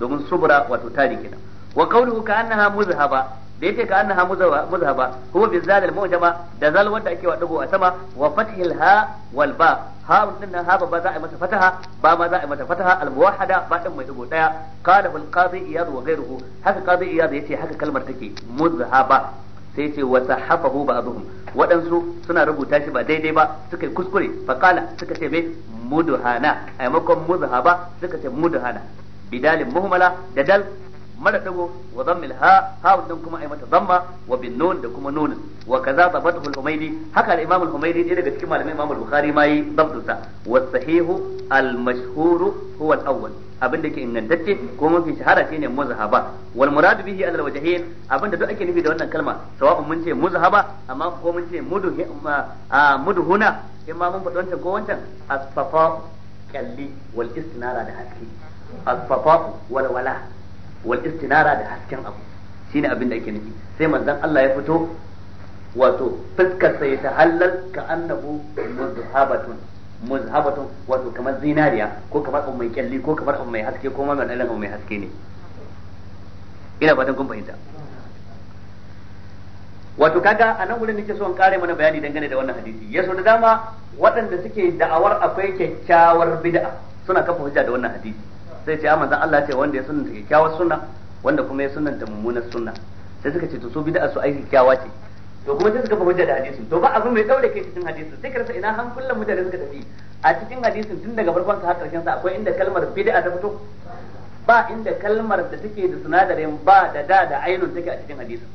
domin subra wato tari kenan wa qawluhu ka annaha muzhaba da yace ka annaha muzhaba huwa bi zal al mu'jama da zal wanda ake wa dago a sama wa fathil ha wal ba ha din nan ha ba za a yi mata fataha ba ma za a yi mata fataha al muwahhada ba din mai dago daya qala al qadi iyad wa ghayruhu haka qadi iyad yace haka kalmar take muzhaba sai ce wa sahafahu ba'dhum waɗansu suna rubuta shi ba daidai ba suka yi kuskure faqala suka ce me mudhana a maimakon muzhaba suka ce mudhana bidalin muhmala da dal mara dago wa zammil ha ha din kuma ai mata zama wa bin nun da kuma nun wa kaza zabatahu al haka al-imam al-humaydi ɗaya daga cikin malamai imam al ma yi zabtun sahihu ke ingantacce ko mafi shahara shine muzahaba wal murad bihi ala wajhayn abinda duk ake nufi da wannan kalma sawa'un mun ce muzahaba amma ko mun ce huna in ma mun faɗi wancan ko wancan asfafa kalli wal istinara da haske asfafafu walwala wal istinara da hasken abu shine abin da ake nufi sai manzon Allah ya fito wato fuskar sa ta tahallal ka annabu muzhabatun muzhabatun wato kamar zinariya ko kamar abu mai kyalli ko kamar abu mai haske ko mamman abu mai haske ne ina fatan kun fahimta wato kaga a nan wurin nake so in kare mana bayani dangane da wannan hadisi ya so da dama waɗanda suke da'awar akwai kyakkyawar bid'a suna kafa hujja da wannan hadisi sai ce amma ah, Allah ce wanda ya sunanta kyakkyawar sunna wanda kuma ya sunanta mummunar sunna sai suka ce to su bid'a su ai kyakkyawa ce to kuma sai suka fa hujja da hadisin to ba abin mai daure kai cikin hadisin sai karsa ina kullum mutane suka tafi a cikin hadisin tun daga farkon sa har karshen sa akwai inda kalmar bid'a ta fito ba inda kalmar da take da sinadarin ba da da da ainun take a cikin hadisin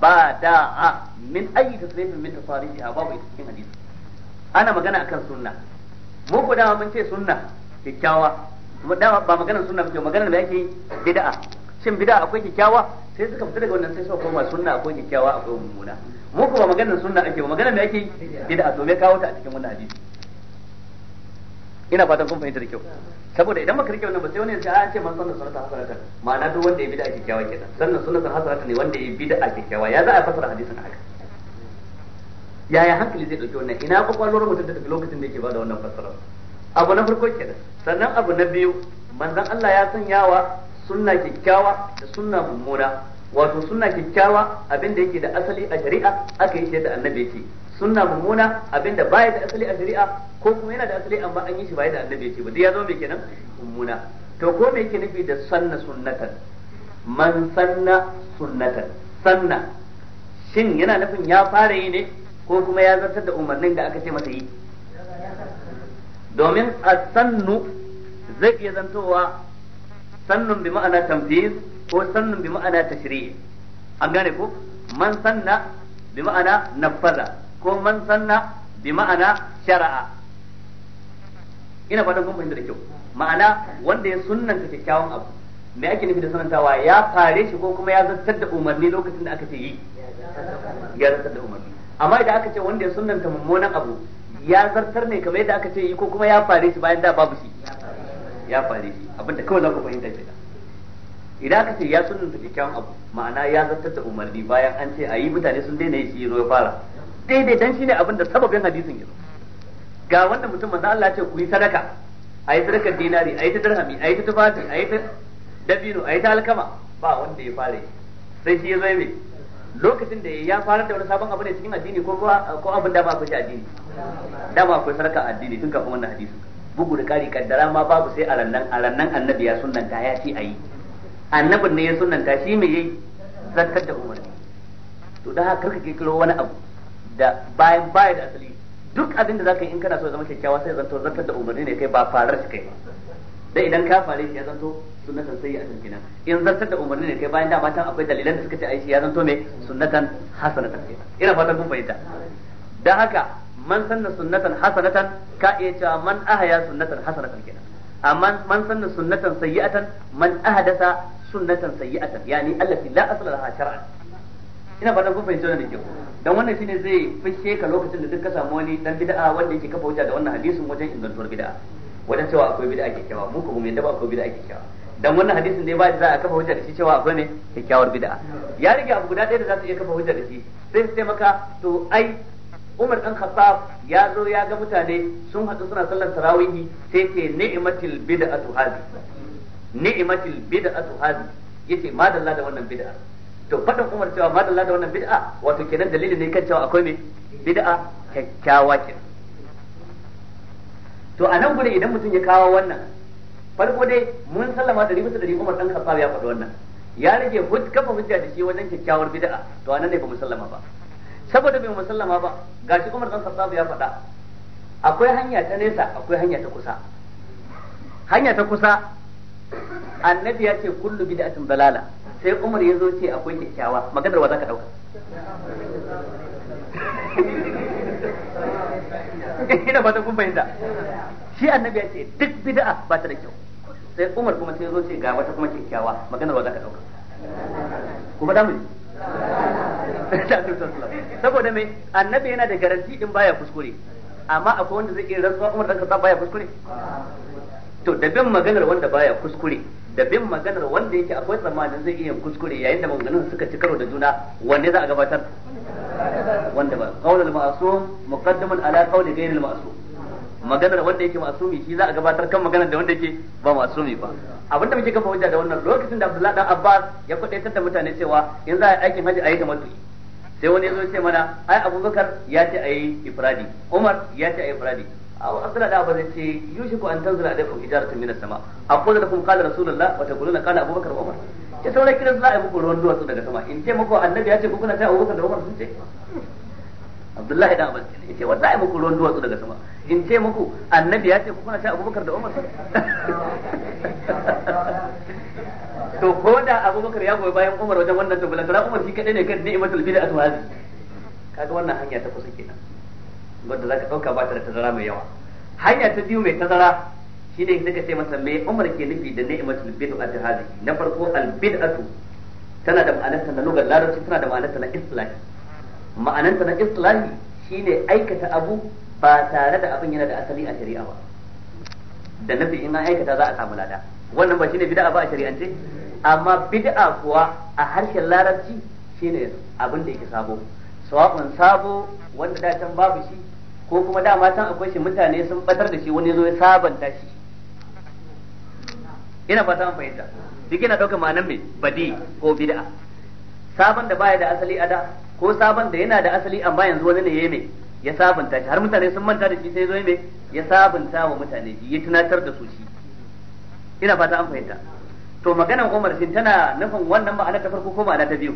ba da a min ayi tasrifin min tasarifi a babu ita cikin hadisi ana magana akan sunna mu ku dama mun ce sunna kyakkyawa da ba maganar sunna ba ce maganar da yake bid'a shin bid'a akwai kikkiawa sai suka fita daga wannan sai suka koma sunna akwai kikkiawa akwai mummuna mu kuma maganar sunna ake ba maganar da yake bid'a to me kawo ta a cikin wannan hadisi ina fatan kun fahimta da kyau saboda idan maka rike wannan ba sai wani ya ce a ah, ce man sunna sunna hasanata ma'ana duk wanda ya bid'a kikkiawa kenan sannan sunna sunna hasanata ne wanda ya bid'a kikkiawa ya za a fasara hadisin haka yaya hankali zai dauki wannan ina kwakwalwar mutum da daga lokacin da yake bada wannan fasara abu na farko kenan sannan abu na biyu manzon Allah ya sanyawa sunna kikkiawa da sunna mummuna wato sunna kikkiawa abinda yake da asali a shari'a aka yi shi da annabi yake sunna mummuna abinda baya da asali a shari'a ko kuma yana da asali amma an yi shi baya da annabi yake ba duk ya zama me kenan mummuna to ko me yake nufi da sanna sunnatan man sanna sunnatan sanna shin yana nufin ya fara yi ne ko kuma ya zartar da umarnin da aka ce masa yi domin a sannu zai iya zantowa sannun bi ma'ana tamfiz ko sannun bi ma'ana tashri'i an gane ko man sanna bi ma'ana nafaza ko man sanna bi ma'ana shara'a ina fatan kun fahimta da kyau ma'ana wanda ya sunnanta kyakkyawan abu me ake nufi da sanantawa ya fare shi ko kuma ya zartar da umarni lokacin da aka ce yi ya zartar da umarni amma idan aka ce wanda ya sunnanta mummunan abu ya zartar ne kamar yadda aka ce yi ko kuma ya fare shi bayan da babu shi ya fare shi abinda kawai za ku fahimta shi idan aka ce ya sunanta kyakkyawan abu ma'ana ya zartar da umarni bayan an ce a yi mutane sun daina yi shi ya fara daidai dan shi abin da sababin hadisin ya ga wanda mutum manzo Allah ya ce ku yi sadaka a yi sadakar dinari a yi ta dirhami a yi ta tufafi a yi ta dabino a yi ta alkama ba wanda ya fare sai shi ya zai mai lokacin da ya fara da wani sabon abu ne cikin addini ko ko abin da ba ku addini da ba ku sarka addini tun kafin wannan hadisi bugu da kari kaddara ma babu sai arannan arannan annabi ya sunnanta ya ce ayi annabin ne ya sunnanta shi me yayi zartar da umarni to da haka karka kiro wani abu da bayan baya da asali duk abin da zaka yi in kana so ya zama kyakkyawa sai zanto zartar da umarni ne kai ba farar shi kai ba da idan ka fare shi ya zanto sunnatan sayyi'atan kenan in zartar da umarni ne kai bayan dama tan akwai dalilan da suka ce ai shi ya zanto me sunnatan hasanatan kenan ina fatan kun fahimta dan haka man sanna sunnatan hasanatan ka iya cewa man ahaya sunnatan hasanatan kenan amma man sanna sunnatan sayyi'atan man ahdasa sunnatan sayyi'atan yani allati la asla laha shar'an ina fatan kun fahimta wannan kyau dan wannan shine zai fishe ka lokacin da duk ka samu wani dan bid'a wanda yake kafa hujja da wannan hadisin wajen ingantuwar bid'a wajen cewa akwai bid'a kyakkyawa mu ko mai yadda ba akwai bid'a kyakkyawa dan wannan hadisin ne ba za a kafa hujja da shi cewa akwai ne kyakkyawar bid'a ya rige abu guda ɗaya da za su iya kafa hujja da shi sai sai maka to ai Umar dan Khattab ya zo ya ga mutane sun haɗu suna sallar tarawihi sai ce ni'matil bid'atu hadi ni'matil bid'atu hadi yace madalla da wannan bid'a to faɗin Umar cewa madalla da wannan bid'a wato kenan dalili ne kan cewa akwai ne bid'a kyakkyawa kenan to a nan gure idan mutum ya kawo wannan farko dai mun sallama dari da dari Umar dan kafa ya faɗi wannan ya rage kafa hujja da shi wajen kyakkyawar bid'a to anan ne ba mu sallama ba saboda bai mu sallama ba gashi Umar dan kafa ya faɗa akwai hanya ta nesa akwai hanya ta kusa hanya ta kusa annabi ya ce kullu bid'atin dalala sai Umar ya zo ce akwai kyakkyawa maganar wa zaka dauka ina ba ya ce bid'a ba ta da kyau sai Umar kuma saboda mai annabi yana da garanti din baya kuskure amma akwai wanda zai iya rantsuwa Umar dan Khattab baya kuskure to da bin maganar wanda baya kuskure da bin maganar wanda yake akwai tsammanin zai iya kuskure yayin da maganganun suka ci karo da juna wanne za a gabatar wanda ba qaulul ma'sum muqaddamun ala qauli ghayril ma'sum maganar wanda yake ma'sumi shi za a gabatar kan maganar da wanda yake ba ma'sumi ba abinda muke kafa hujja da wannan lokacin da Abdullahi dan Abbas ya kwadaitar da mutane cewa in za a yi aikin haji a yi tamattu sai wani ya zo ce mana ai Abubakar ya ce a yi ifradi Umar ya ce a yi ifradi aw asra da ba zai ce yushiku an tanzila alaikum hijaratun minas sama aqulu lakum qala rasulullah wa na qala abubakar wa umar ce sauran kiran za a yi muku ruwan duwatsu daga sama in ce muku annabi ya ce kuna ta abubakar da umar sun ce abdullahi da abbas ya ce wallahi muku ruwan duwatsu daga sama in ce muku annabi ya ce kuna ta abubakar da umar to ko da abubakar ya goyi bayan umar wajen wannan to bulantana umar shi kadai ne kan ni'imatul bid'atu hazi kaga wannan hanya ta kusa kenan wanda ka ɗauka ba ta da tazara mai yawa hanya ta biyu mai tazara shine suka ce masa me Umar ke nufi da ni'matul bid'atu hadhihi na farko al bid'atu tana da ma'anarta na lugar larabci tana da ma'anarta na islahi ma'anarta na islahi shine aikata abu ba tare da abin yana da asali a shari'a ba da nufi in an aikata za a samu lada wannan ba shine bid'a ba a shari'ance amma bid'a kuwa a harshen larabci shine abin da yake sabo sawa'un sabo wanda da can babu shi ko kuma dama can akwai shi mutane sun batar da shi wani zo ya sabanta shi ina fata an fahimta duk yana ɗauka ma'anar mai badi ko bid'a sabon da baya da asali a da ko sabon da yana da asali amma yanzu wani ne ya mai ya sabanta shi har mutane sun manta da shi sai zo mai ya sabanta wa mutane shi ya tunatar da su shi ina fata an fahimta to maganar Umar shin tana nufin wannan ma'ana ta farko ko ma'ana ta biyu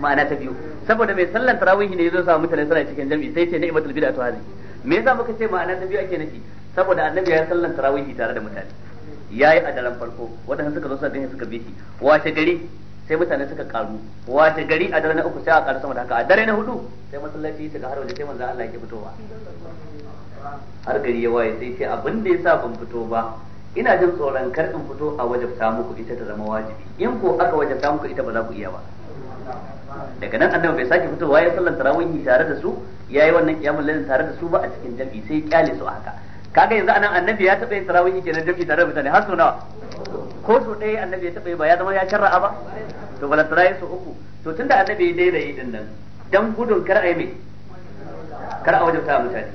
ma'ana ta biyu saboda mai sallan tarawih ne yazo sa mutane suna cikin jami'i sai ce ni'matul bid'atu hadhihi me yasa muka ce ma'ana ta biyu ake nufi saboda annabi ya sallan tarawih tare da mutane yayi a daren farko wadanda suka zo suka gani suka bi shi washe gari sai mutane suka karu washe gari a daren na uku sai a karu sama da haka a dare na hudu sai masallaci ya ga har waje sai manzo Allah yake fitowa har gari ya waye sai ce abin da yasa ban fito ba ina jin tsoron kar in fito a wajabta muku ita ta zama wajibi in ko aka wajabta muku ita ba za ku iya ba daga nan annabi bai sake fitowa ya sallar tarawihi tare da su yayi wannan kiyamul layl tare da su ba a cikin jami'i sai kyale su haka kaga yanzu anan annabi ya taɓa yin tarawihi kenan jami'i tare da mutane har sau nawa ko su ɗaya annabi ya taɓa yi ba ya zama ya sharra'a ba to bala tarayi su uku to tunda annabi ya daina yi din nan dan gudun kar a yi mai kar a wajabta mutane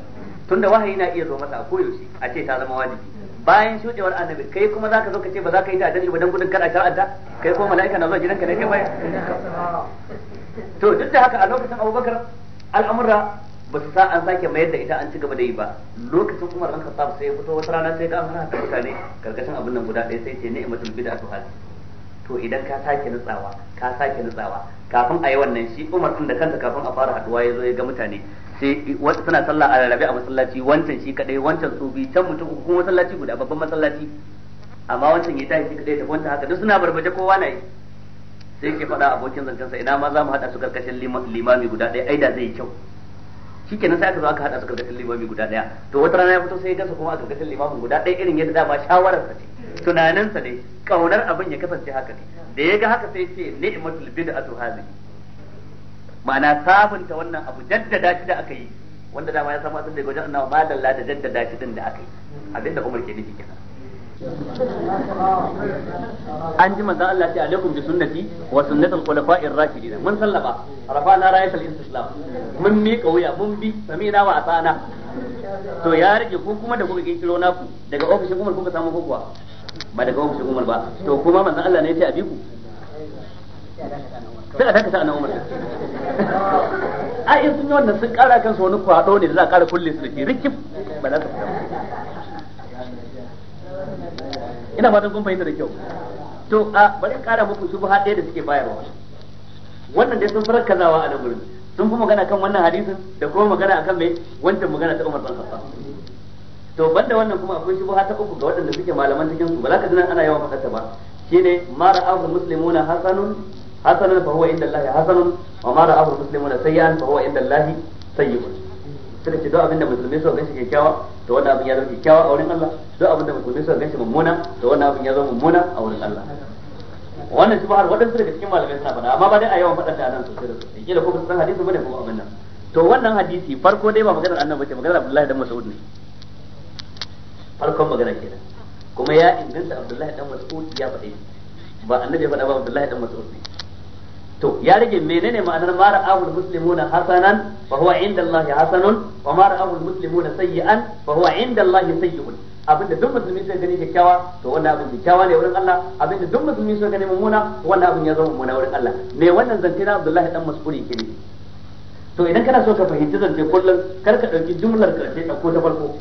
tunda wahayi na iya zo masa a koyaushe a ce ta zama wajibi bayan shudewar annabi kai kuma za ka zo ka ce ba za ka yi ta ba don gudun kada shar'anta kai kuma mala'ika na zuwa gidanka ne kai baya to duk da haka a lokacin Abubakar al'amura ba su sa an sake mayar da ita an ci gaba da yi ba lokacin Umar an kasa sai ya fito wata rana sai ga an hana mutane karkashin abin nan guda ɗaya sai ce ni'matul bid'atu hadhihi to idan ka sake nutsawa ka sake nutsawa kafin a yi wannan shi Umar din da kanta kafin a fara haduwa ya zo ya ga mutane sai suna sallah a rarrabe a masallaci wancan shi kadai wancan su bi can mutum uku kuma masallaci guda babban masallaci amma wancan ya tashi shi kadai da wancan haka duk suna barbaje kowa na yi sai ke faɗa abokin sa ina ma za mu haɗa su karkashin limami guda ɗaya aida zai yi kyau shi kenan sai aka zo aka haɗa su karkashin limami guda ɗaya to wata rana ya fito sai ya gasa kuma a karkashin limamin guda ɗaya irin yadda dama shawararsa ce tunaninsa ne kaunar abin ya kasance haka ne da ya ga haka sai ce ni'matul bid'atu hazihi ma'ana sabunta wannan abu jaddada shi da aka yi wanda dama ya samu asali daga wajen annabi madalla da jaddada shi din da aka yi abinda Umar ke nufi kenan an ji manzon Allah ce alaikum bi sunnati wa sunnati al-khulafa'i ar-rashidin mun sallaba rafa'na ra'ayat al-istislam mun miƙa kauya mun bi samina wa asana to ya rage ko kuma da kuka kiro naku daga ofishin Umar kuka samu kokowa ba daga ofishin Umar ba to kuma manzon Allah ne ya ce a bi ku sai a dakata a nan umar a in sun yi wannan sun kara kansu wani kwado ne da za a kara kulle su da shi rikif ba za su ina fatan kun fahimta da kyau to a bari in kara muku shubha haɗe da suke bayarwa wannan dai sun farar kazawa a nan gurin sun fi magana kan wannan hadisin da kuma magana akan mai wancan magana ta Umar Ban Khattab to banda wannan kuma akwai shubha ta uku ga waɗanda suke malaman cikin su ba za ka ji ana yawan faɗa ta ba shine mara ra'ahu muslimuna hasanun hasanan fa huwa inda Allah hasanun wa ma ra'ahu muslimuna sayyan fa huwa inda Allah sayyi'un suka ce duk abinda musulmi suka ganshi kyakkyawa to wannan abin ya zama kyakkyawa a wurin Allah duk abinda musulmi suka ganshi mummuna to wannan abin ya zama mummuna a wurin Allah wannan har wadansu daga cikin malamai suna faɗa amma ba dai a yawan faɗa da nan sosai da sosai kila ko ba san hadisi bane ko abin nan to wannan hadisi farko dai ba maganar annabi ce maganar Abdullahi dan Mas'ud ne farkon magana kenan kuma ya inganta Abdullahi dan Mas'ud ya faɗi ba annabi ya faɗa ba Abdullahi dan Mas'ud ne to ya rage menene ma'anar Mara ra'ahu muslimuna hasanan fa huwa inda Allah hasanun wa mara ra'ahu muslimuna sayyi'an fa huwa inda Allah sayyi'un abinda duk musulmi sai gani kyakkyawa to wannan abin kyakkyawa ne wurin Allah abinda duk musulmi sai gani mummuna wannan abin ya zama mummuna wurin Allah me wannan zance na Abdullahi dan Mas'udi kine to idan kana so ka fahimci zance kullum kar ka dauki jumlar karshe ko ta farko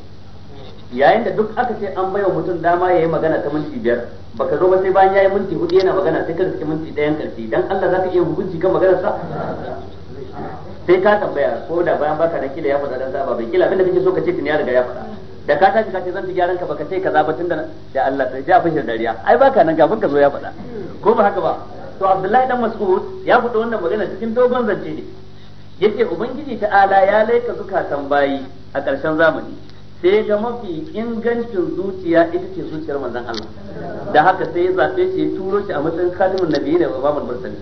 yayin da duk aka ce an baiwa mutum dama ya yi magana ta minti biyar baka zo ba sai bayan ya yi minti hudu yana magana sai ka riske minti ɗayan ƙarfi, dan Allah za ka iya hukunci kan magana sa sai ka tambaya ko da bayan baka nan kila ya faɗa dan ba bai kila abinda kake so ka ce tuni ya riga ya faɗa da ka tashi ka ce zan fi gyaran ka baka ce za ba tunda da Allah sai ja fashin dariya ai baka nan kafin ka zo ya faɗa ko ba haka ba to Abdullahi dan Mas'ud ya faɗa wannan magana cikin dogon zance ne yace ubangiji ta'ala ya laika zukatan bayi a ƙarshen zamani sai ga mafi ingancin zuciya ita ce zuciyar manzon Allah da haka sai ya zaɓe shi ya turo shi a matsayin khadimin nabiyyi ne imamul mursalin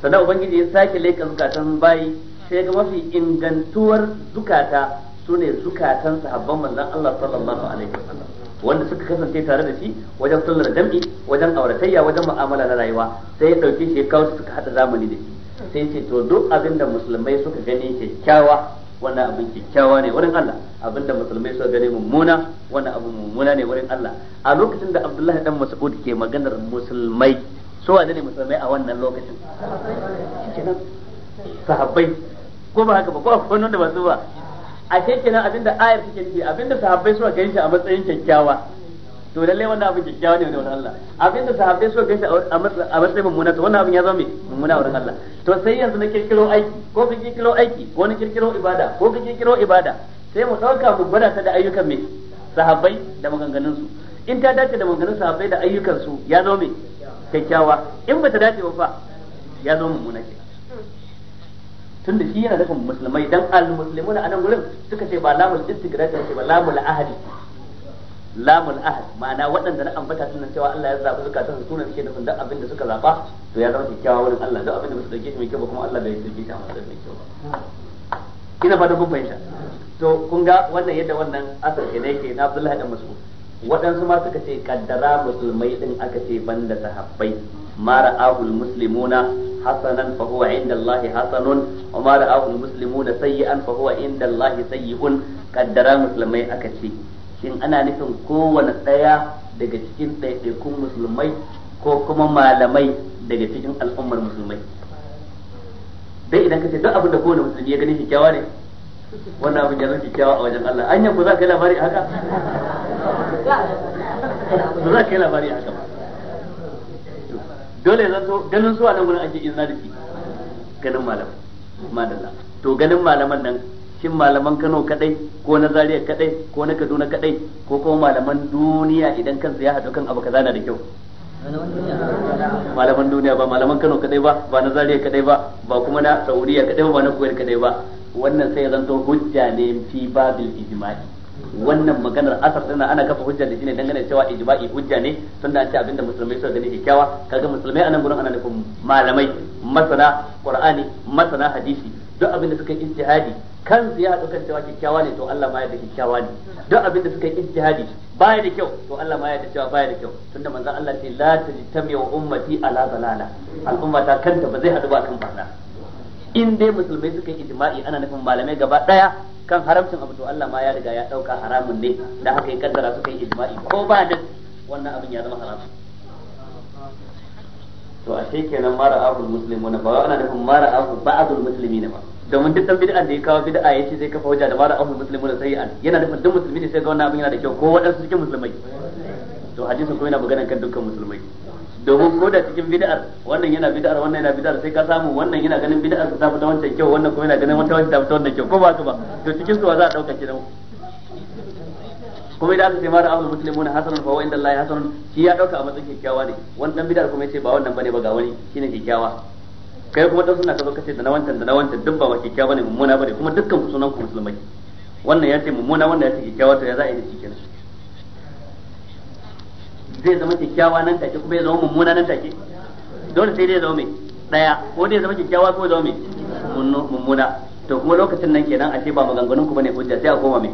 sannan ubangiji ya sake laifin zukatan bayi sai ga mafi ingantuwar zukata sune zukatan sahabban manzon Allah sallallahu alaihi wasallam wanda suka kasance tare da shi wajen sallar jam'i wajen auratayya wajen mu'amala na rayuwa sai ya dauke shi ya suka hada zamani da shi sai ce to duk abin da musulmai suka gani kyakkyawa wannan abin kyakkyawa ne wurin Allah da musulmai suka gane mummuna wannan abu mummuna ne wurin Allah a lokacin da Abdullahi dan Mas'ud ke maganar musulmai so wa ne musulmai a wannan lokacin kenan sahabbai ko ba haka ba ko akwai wanda ba su ba a kenan abinda ayar take ce abinda sahabbai suka gani shi a matsayin kyakkyawa to lalle wannan abin kyakkyawa ne wurin Allah abinda sahabbai suka gaishe a matsayin mummuna to wannan abin ya zama mummuna wurin Allah to sai yanzu na kirkiro aiki ko ka kirkiro aiki ko wani kirkiro ibada ko ka kirkiro ibada sai mu dauka mu gwada ta da ayyukan me sahabbai da maganganun su in ta dace da maganganun sahabbai da ayyukan su ya zama me kyakkyawa in bata dace ba fa ya zama mummuna ke tun da shi yana nufin musulmai dan al-muslimuna anan gurin suka ce ba lamul istigrata ce ba lamul ahadi lamul ahad ma'ana waɗanda na ambata sunan cewa Allah ya zaɓi zukatan su sunan suke nufin duk abin da suka zaɓa to ya zama kyakkyawa wurin Allah duk abin da su dauke shi mai kyau ba kuma Allah bai dauke shi a matsayin mai kyau ba ina fata kun fahimta to kun ga wannan yadda wannan asar ke yake na Abdullahi da Mas'ud waɗansu ma suka ce kaddara musulmai din aka ce banda sahabbai ma ra'ahul muslimuna hasanan fa huwa inda Allah hasanun wa ma ra'ahul muslimuna sayyi'an fa huwa inda Allah sayyi'un kaddara musulmai aka ce shin ana nufin kowane ɗaya daga cikin ɗaiɗaikun musulmai ko kuma malamai daga cikin al'ummar musulmai dai idan ka ce duk abin da kowane musulmi ya gani kyakkyawa ne wannan abin ya zama kyakkyawa a wajen Allah anya ko za ka yi labari haka ba za ka yi labari haka dole zan so ganin su a nan gurin ake izina da shi ganin malam madalla to ganin malaman nan cikin malaman Kano kadai ko na Zaria kadai ko na Kaduna kadai ko kuma malaman duniya idan kansu ya haɗu kan abu kaza na da kyau malaman duniya ba malaman Kano kadai ba ba na Zaria kadai ba ba kuma na Saudiya kadai ba na Kuwait kadai ba wannan sai ya zanto hujja ne fi babil ijma'i wannan maganar asar tana ana kafa hujja da shi ne dangane cewa ijma'i hujja ne tunda an ce abinda musulmai suka gani kyakkyawa kaga musulmai anan gurin ana nufin malamai masana qur'ani masana hadisi duk abin da suka yi ijtihadi kan ya haɗu kan cewa kyakkyawa ne to Allah ma ya da kyakkyawa ne duk abin da suka yi ijtihadi baya da kyau to Allah ma ya da cewa baya da kyau tunda manzo Allah ce la tajtami wa ummati ala dalala al'umma ta kanta ba zai haɗu ba kan barna in dai musulmai suka yi ijma'i ana nufin malamai gaba daya kan haramcin abu to Allah ma ya riga ya dauka haramun ne da haka ya kaddara suka yi ijma'i ko ba da wannan abin ya zama haramun to ashe kenan mara ahul muslimuna ba ana nufin mara ahul ba'dul muslimina ba domin duk dan bid'a da ya kawo bid'a ya ce zai kafa hujja da mara ahul muslimuna sai an yana nufin duk musulmi ne sai ga wannan abin yana da kyau ko wadansu cikin musulmai to hadisin ko yana magana kan dukkan musulmai domin ko da cikin bid'ar wannan yana bid'ar wannan yana bid'ar sai ka samu wannan yana ganin bid'ar ta fita wancan kyau wannan kuma yana ganin wata wancan ta fita wannan kyau ko ba ka ba to cikin su za a dauka kidan kuma idan aka ce ma da abul muslimuna hasanun fa inda Allah hasanun shi ya dauka a matsayin kyakkyawa ne wani dan bid'a kuma yace ba wannan bane ba ga wani shine kyakkyawa kai kuma dan suna ka zo kace da na wancan da na wancan duk ba ma kyakkyawa ne mummuna bane kuma dukkan ku sunan ku musulmai wannan ya mummuna wannan ya ce kyakkyawa to ya za a yi da shi kenan zai zama kyakkyawa nan take kuma ya zama mummuna nan take dole sai dai zama mai daya ko dai zama kyakkyawa ko zama mai mummuna to kuma lokacin nan kenan ce ba maganganun ku bane hujja sai a koma mai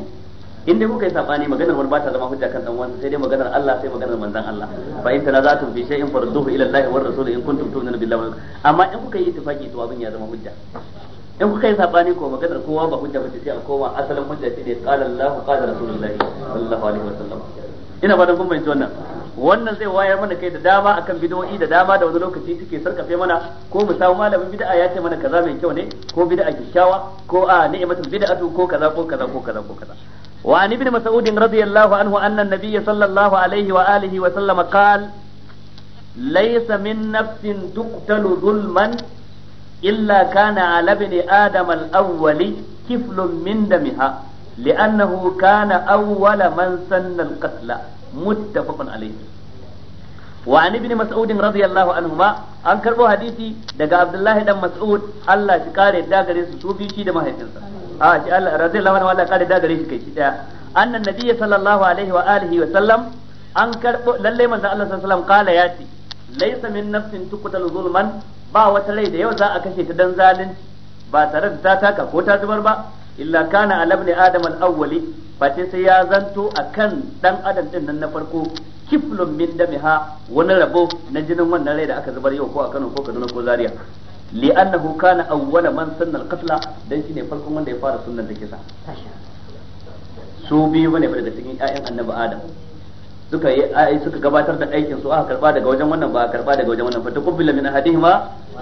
in dai kuka yi sabani maganar wani ba ta zama hujja kan dan wanda sai dai maganar Allah sai maganar manzon Allah fa in tanaza'tum fi shay'in farduhu ila Allah war rasul in kuntum tu'minuna billahi wal amma in kuka yi ittifaki to abin ya zama hujja in kuka yi sabani ko maganar kowa ba hujja bace sai a koma asalin hujja shine qala Allah qala rasulullahi sallallahu alaihi wa sallam. ina fatan kun bayyana wannan wannan zai wayar mana kai da dama akan bid'o'i da dama da wani lokaci suke sarkafe mana ko mu samu malamin bid'a ya ce mana kaza mai kyau ne ko bid'a kikkiawa ko a ni'matul bid'atu ko kaza ko kaza ko kaza ko kaza وعن ابن مسعود رضي الله عنه أن النبي صلى الله عليه وآله وسلم قال ليس من نفس تقتل ظلما إلا كان على ابن آدم الأول كفل من دمها لأنه كان أول من سن القتل متفق عليه وعن ابن مسعود رضي الله عنهما أنكر حديثي دقى عبد الله بن مسعود الله شكاره داغري سوفي شيد ما هيتنسى a shi Allah radiyallahu anhu Allah kare da gare shi kai shi daya annan nabiyyi sallallahu alaihi wa alihi wa sallam an karbo lalle manzo Allah sallallahu alaihi wa sallam kala ya laysa min nafsin tuqtalu zulman ba wata rai da yau za a kashe ta dan zalunci ba tare da ta taka ko ta zubar ba illa kana ala ibn adam al-awwali face sai ya zanto akan dan adam din nan na farko kiflun min damiha wani rabo na jinin wannan rai da aka zubar yau ko a Kano ko Kaduna ko Zaria li'annahu kana awwala man sanna al-qatla dan ne farkon wanda ya fara sunnar da kisa su biyu bane daga cikin ƴaƴan annabi adam suka yi ai suka gabatar da aikin su aka karba daga wajen wannan ba a karba daga wajen wannan fa taqabbala min ahadihima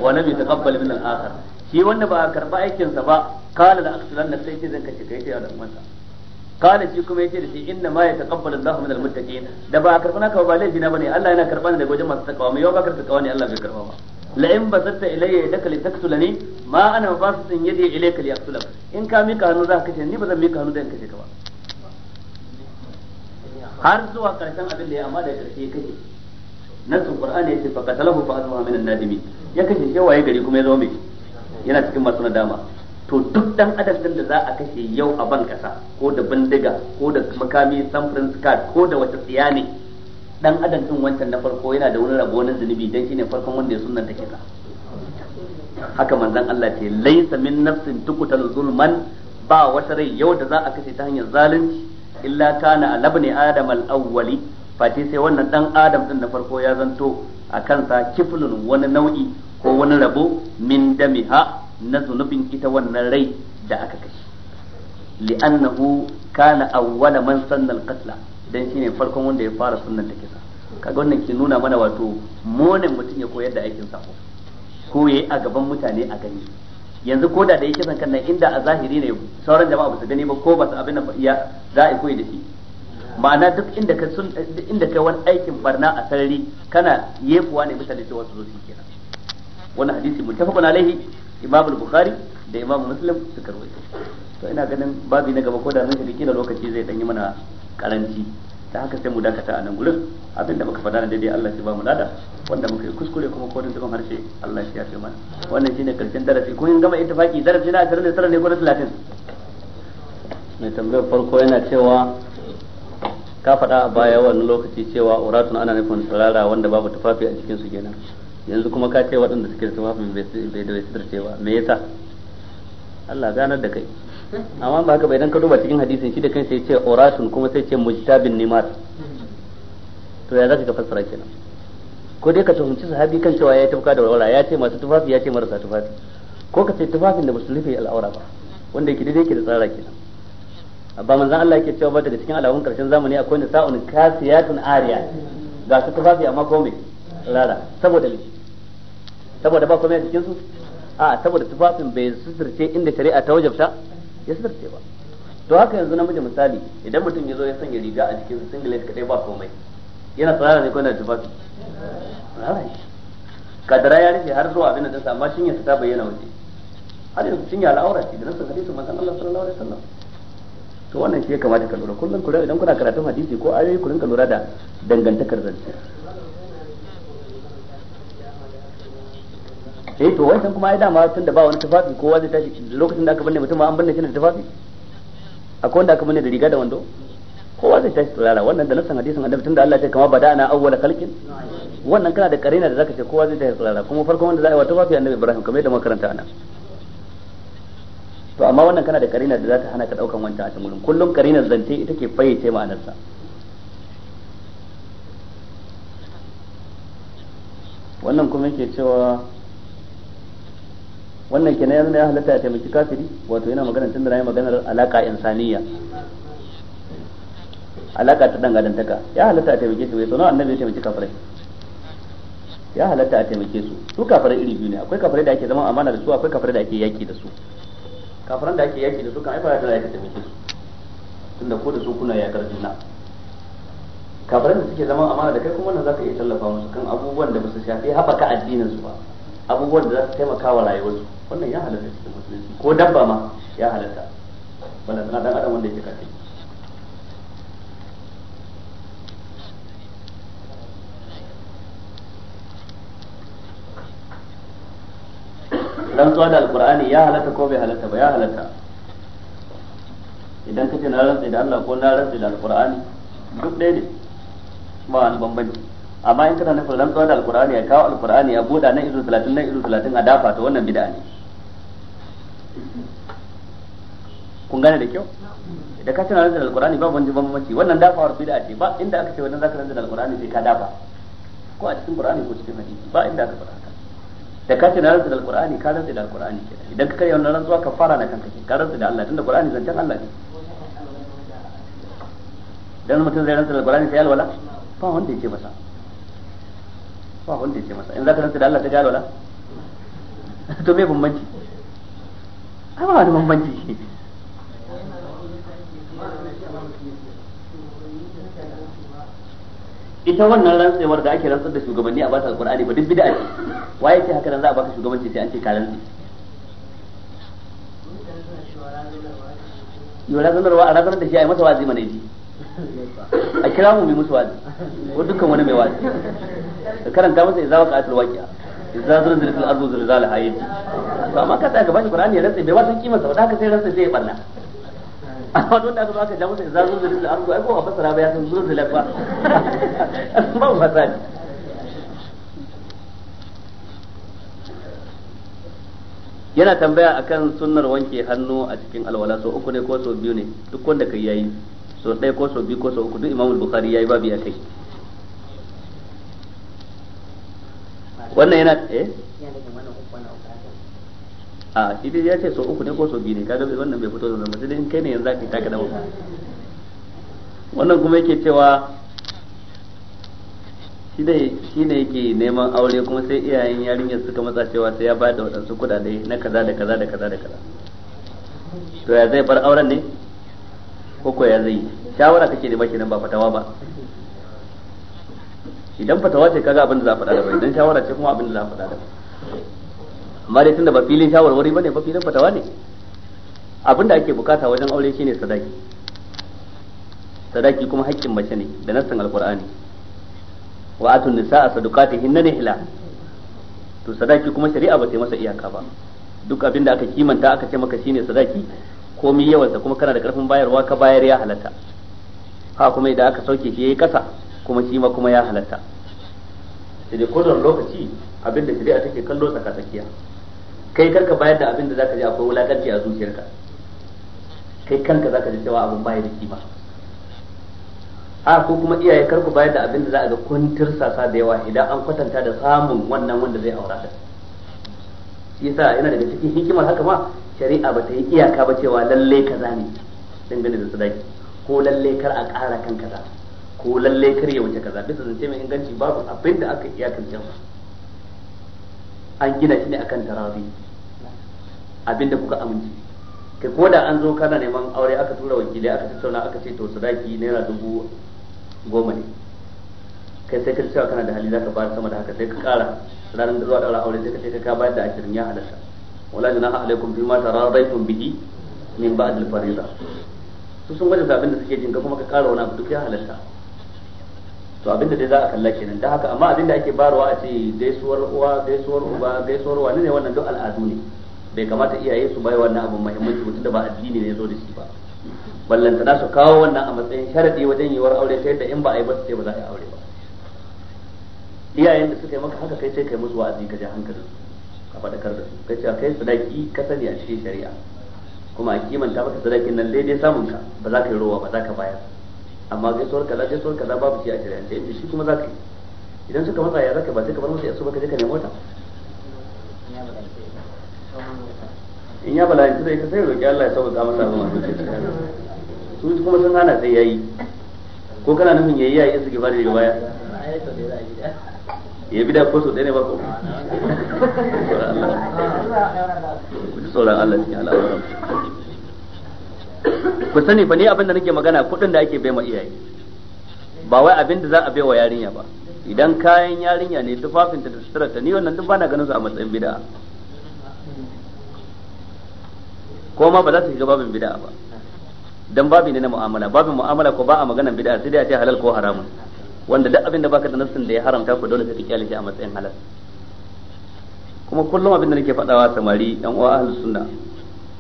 wa lam yataqabbal min al-akhar shi wanda ba karba aikin sa ba kala da aksalan nan sai ce zan kace kai da umarsa Kala shi kuma yace da shi inna ma yataqabbalu Allahu min al-muttaqin da ba a karba naka ba laifi na bane Allah yana karba ne daga wajen masu takawa mai yawa ba karba ne Allah bai karba ba la in basatta ilayya yadaka li taqtulani ma ana basitin yadi ilayka li yaqtulak in ka mika hannu za ka kace ni ba zan mika hannu da in ka ba har zuwa karshen abin da ya amma da karshe ya kace nasu qur'ani yace fa qatalahu fa azwa min an-nadimi ya kace shi waye gari kuma ya zama mai yana cikin masu nadama to duk dan adadin da za a kashe yau a ban kasa ko da bindiga ko da makami san prince card ko da wata tsiya ne dan adam din wancan na farko yana da wani rabo na zunubi dan shine farkon wanda ya sunnanta kisa haka manzon Allah ce laysa min nafsin tukutal zulman ba wata rai yau da za a kashe ta hanyar zalunci illa kana alabni adam al-awwali fati sai wannan dan adam din na farko ya zanto a kansa kiflun wani nau'i ko wani rabo min damiha na zunubin ita wannan rai da aka kashe li'annahu kana awwala man sanna al-qatla dan ne farkon wanda ya fara sunnan ta kisa kaga wannan ke nuna mana wato monin mutum ya koyar da aikin sako ko yayi a gaban mutane a gani yanzu ko da da yake kisan kan nan inda a zahiri ne sauran jama'a basu gani ba ko basu abin da ya za a koyi da shi ma'ana duk inda ka sun inda ka wani aikin barna a sarari kana yefuwa ne mutane cewa su zo su kenan wannan hadisi muttafaqun alaihi imam bukhari da imam muslim suka rawaito to ina ganin babu na gaba ko da nan shi lokaci zai danyi mana karanci da haka sai mu dakata a nan gurin abinda muka faɗa da daidai Allah shi ba mu lada wanda muka yi kuskure kuma kodin zaman harshe Allah shi ya fi mana wannan shine karshen darasi ko in gama ittifaki darasi na 29 ne ko na 30 mai tambayar farko yana cewa ka faɗa a baya wani lokaci cewa uratun ana nufin tsirara wanda babu tufafi a cikin su kenan yanzu kuma ka ce waɗanda suke da tufafin bai da bai sudarce ba me yasa Allah ganar da kai amma ba haka bai dan ka duba cikin hadisin shi da kansa yace urashun kuma sai ce mujtabin nimar. to ya zaka ka fassara kenan ko dai ka tuhunci sahabi kan cewa ya tafka da walwala ya ce masu tufafi ya ce marasa tufafi ko ka ce tufafin da musulmi rufe al'aura ba wanda yake daidai yake da tsara kenan ba manzon Allah yake cewa ba daga cikin alamun karshen zamani akwai nisa'un kasiyatun ariya ga su tufafi amma ko me rara saboda me saboda ba komai a cikin su a saboda tufafin bai suturce inda shari'a ta wajabta ya sirce ba to haka yanzu namiji misali idan mutum ya zo ya sanya riga a jikin singlet kadai ba komai yana tsara ne kwanar tufafi tsara shi kadara ya rufe har zuwa abin da ta amma cinyarsa ta bayyana waje har yanzu ya al'aura ce da nasu hadisin manzon Allah sallallahu alaihi wasallam to wannan shi ya kamata ka lura kullum ku idan kuna karatun hadisi ko ayoyi ku rinka lura da dangantakar zance sai eh, to wancan kuma ai dama tun da ba wani tufafi kowa zai tashi lokacin da aka binne mutum an binne shi da tufafi akwai wanda aka binne da riga da wando kowa zai tashi turara wannan da nasan hadisin annabi da Allah ya ce kama bada ana awwala khalqin wannan kana da karina da zaka ce kowa zai tashi turara kuma farkon wanda za a yi wa tufafi annabi Ibrahim kamar yadda makaranta ana to amma wannan kana da karina da za ta hana ka daukan wancan a tumurin kullum karinar zance ita ke fayyace ma'anarsa wannan kuma yake cewa wannan kenan yanzu ya halatta ya taimaki kafiri wato yana magana tun da nayi maganar alaka insaniya alaka ta dangadantaka ya halatta a taimake su bai sanar annabi ya taimaki kafirai ya halatta a taimake su su kafirai iri biyu ne akwai kafirai da ake zama amana da su akwai kafirai da ake yaki da su kafiran da ake yaki da su kan ai fara da ake taimake su tunda ko da su kuna yakar juna kafiran da suke zama amana da kai kuma wannan zaka iya tallafa musu kan abubuwan da ba su shafi haɓaka addinin su ba abubuwan da za su taimaka wa rayuwarsu wannan ya halatta cikin musulunci ko dabba ma ya halatta wanda tana dan adam wanda yake kafi rantsuwa da alkur'ani ya halatta ko bai halatta ba ya halatta idan kace na rantsi da Allah ko na rantsi da alkur'ani duk ɗaya ne ba wani bambanci amma in kana nufin rantsuwa da alkur'ani ya kawo alkur'ani ya buɗa nan izu talatin nan izu talatin a dafa to wannan bid'a ne kun gane da kyau da ka tana da alkur'ani babu wani bambanci wannan dafawar bid'a ce ba inda aka ce wannan zaka da alkur'ani sai ka dafa ko a cikin qur'ani ko cikin hadisi ba inda aka fara haka da ka tana na da alkur'ani ka rantsa da alkur'ani kenan idan ka karya wannan rantsuwa ka fara na kanka ka rantsa da Allah tunda qur'ani zancen Allah ne dan mutum zai rantsa da alkur'ani sai alwala ba wanda yake masa ba wanda ce masa in zaka rantsa da Allah ta jalo la to me bambanci ai ba wani bambanci ita wannan rantsewar da ake rantsar da shugabanni a bata alqur'ani ba duk bid'a ce waye ce haka nan za a baka shugabanci sai an ce ka rantsi yau razanarwa a razanar da shi a yi masa wazi mana yi, a kira mu mai musu wazi ko dukkan wani mai wazi ka karanta masa idza waqa'atul waqi'a idza al ardu zilzalaha yaji to amma ka tsaya ka bashi qur'ani ya rantsa bai ba san kimar sa ba haka sai rantsa sai ya barna amma don da aka zo aka ja masa idza al ardu ai ko a fasara ba ya san zulzilat ba amma ba sani yana tambaya akan sunnar wanke hannu a cikin alwala so uku ne ko so biyu ne duk wanda kai yayi so ɗaya ko so biyu ko so uku duk imamul bukhari yayi babu ya kai wannan yana eh a ah, idan ya ce so uku ne ko so biyu ne kaga wannan bai fito da zama sai dai in kai ne yanzu zaka yi taka da wannan kuma yake cewa shi ne yake neman aure kuma sai iyayen yarinyar suka matsa cewa sai ya ba da waɗansu kuɗaɗe na kaza da kaza da kaza da kaza to ya zai bar auren ne ko ko ya zai shawara kake nema nan ba fatawa ba idan fatawa ce kaga abin da za a faɗa bai idan shawara ce kuma abin da za a faɗa daban amma dai tunda ba filin shawarwari bane ba filin fatawa ne abin da ake bukata wajen aure shine sadaki sadaki kuma haƙƙin mace ne da nassan alqur'ani wa atun nisaa nan ila to sadaki kuma shari'a ba ta yi masa iyaka ba duk abin da aka kimanta aka ce maka shine sadaki komai yawansa kuma kana da karfin bayarwa ka bayar ya halatta ha kuma idan aka sauke shi yayi kasa kuma shi ma kuma ya halatta sai dai kodon lokaci abin da shari'a take kallo tsaka tsakiya kai karka bayar da abin da zaka ji akwai wulakanci a zuciyarka kai kanka zaka ji cewa abin baya da kima a ko kuma iyaye karku bayar da abin da za a ga kun sasa da yawa idan an kwatanta da samun wannan wanda zai aura da shi yasa yana daga cikin hikimar haka ma shari'a ba ta yi iyaka ba cewa lalle kaza ne dangane da sadaki ko lalle kar a ƙara kan kaza ko lallai kar ya wuce kaza bisa zance mai inganci babu abin da aka kan masa an gina shi ne akan tarazi abin da kuka amince kai ko da an zo kana neman aure aka tura wakilai aka tattauna aka ce to sadaki naira dubu goma ne kai sai ka cewa kana da hali zaka bayar sama da haka sai ka kara ranar da zuwa daura aure sai ka ce ka bayar da ashirin ya halarta wala ha alaikum bima taradaitum bihi min ba'd al-fariida su sun gwada abin da suke jin ka kuma ka kara wani abu duk ya halarta to abinda dai za a kalla kenan da haka amma abinda ake barwa a ce gaisuwar uwa gaisuwar uba gaisuwar wani ne wannan duk al'adu ne bai kamata iyaye su bai wannan abin muhimmanci mutum da ba addini ne zo da shi ba ballantana su kawo wannan a matsayin sharadi wajen yiwuwar aure ta yadda in ba a yi ba sai ba za a yi aure ba iyayen da suka yi maka haka kai sai kai musu wa'azi ka ja hankalin su ka faɗakar da su kai cewa kai sadaki ka sani a cikin shari'a kuma a kimanta maka sadakin nan daidai samun ka ba za ka yi rowa ba za ka bayar amma gaisuwar kaza gaisuwar kaza babu shi a shari'ance inda shi kuma ka yi idan suka matsa ya zaka ba sai ka bar musu ya ba ka je ka nemo ta in ya yanzu da ita sai roƙi Allah ya sauka masa abin su kuma sun hana sai yayi ko kana nufin yayi yayi in su gaba daga baya ya bi da ko so ne ba ko Allah cikin al'amuran ku sani fa ni abin da nake magana kuɗin da ake bai ma iyaye ba wai abin da za a bai wa yarinya ba idan kayan yarinya ne ta da ta ni wannan duk bana ganin su a matsayin bid'a ko ma ba za su shiga babin bid'a ba dan babi ne na mu'amala babin mu'amala ko ba a magana bid'a sai dai a ce halal ko haramun wanda duk abin da baka da nassin da ya haramta ku dole sai ka kyale shi a matsayin halal kuma kullum abin da nake fadawa samari yan uwa ahlus sunna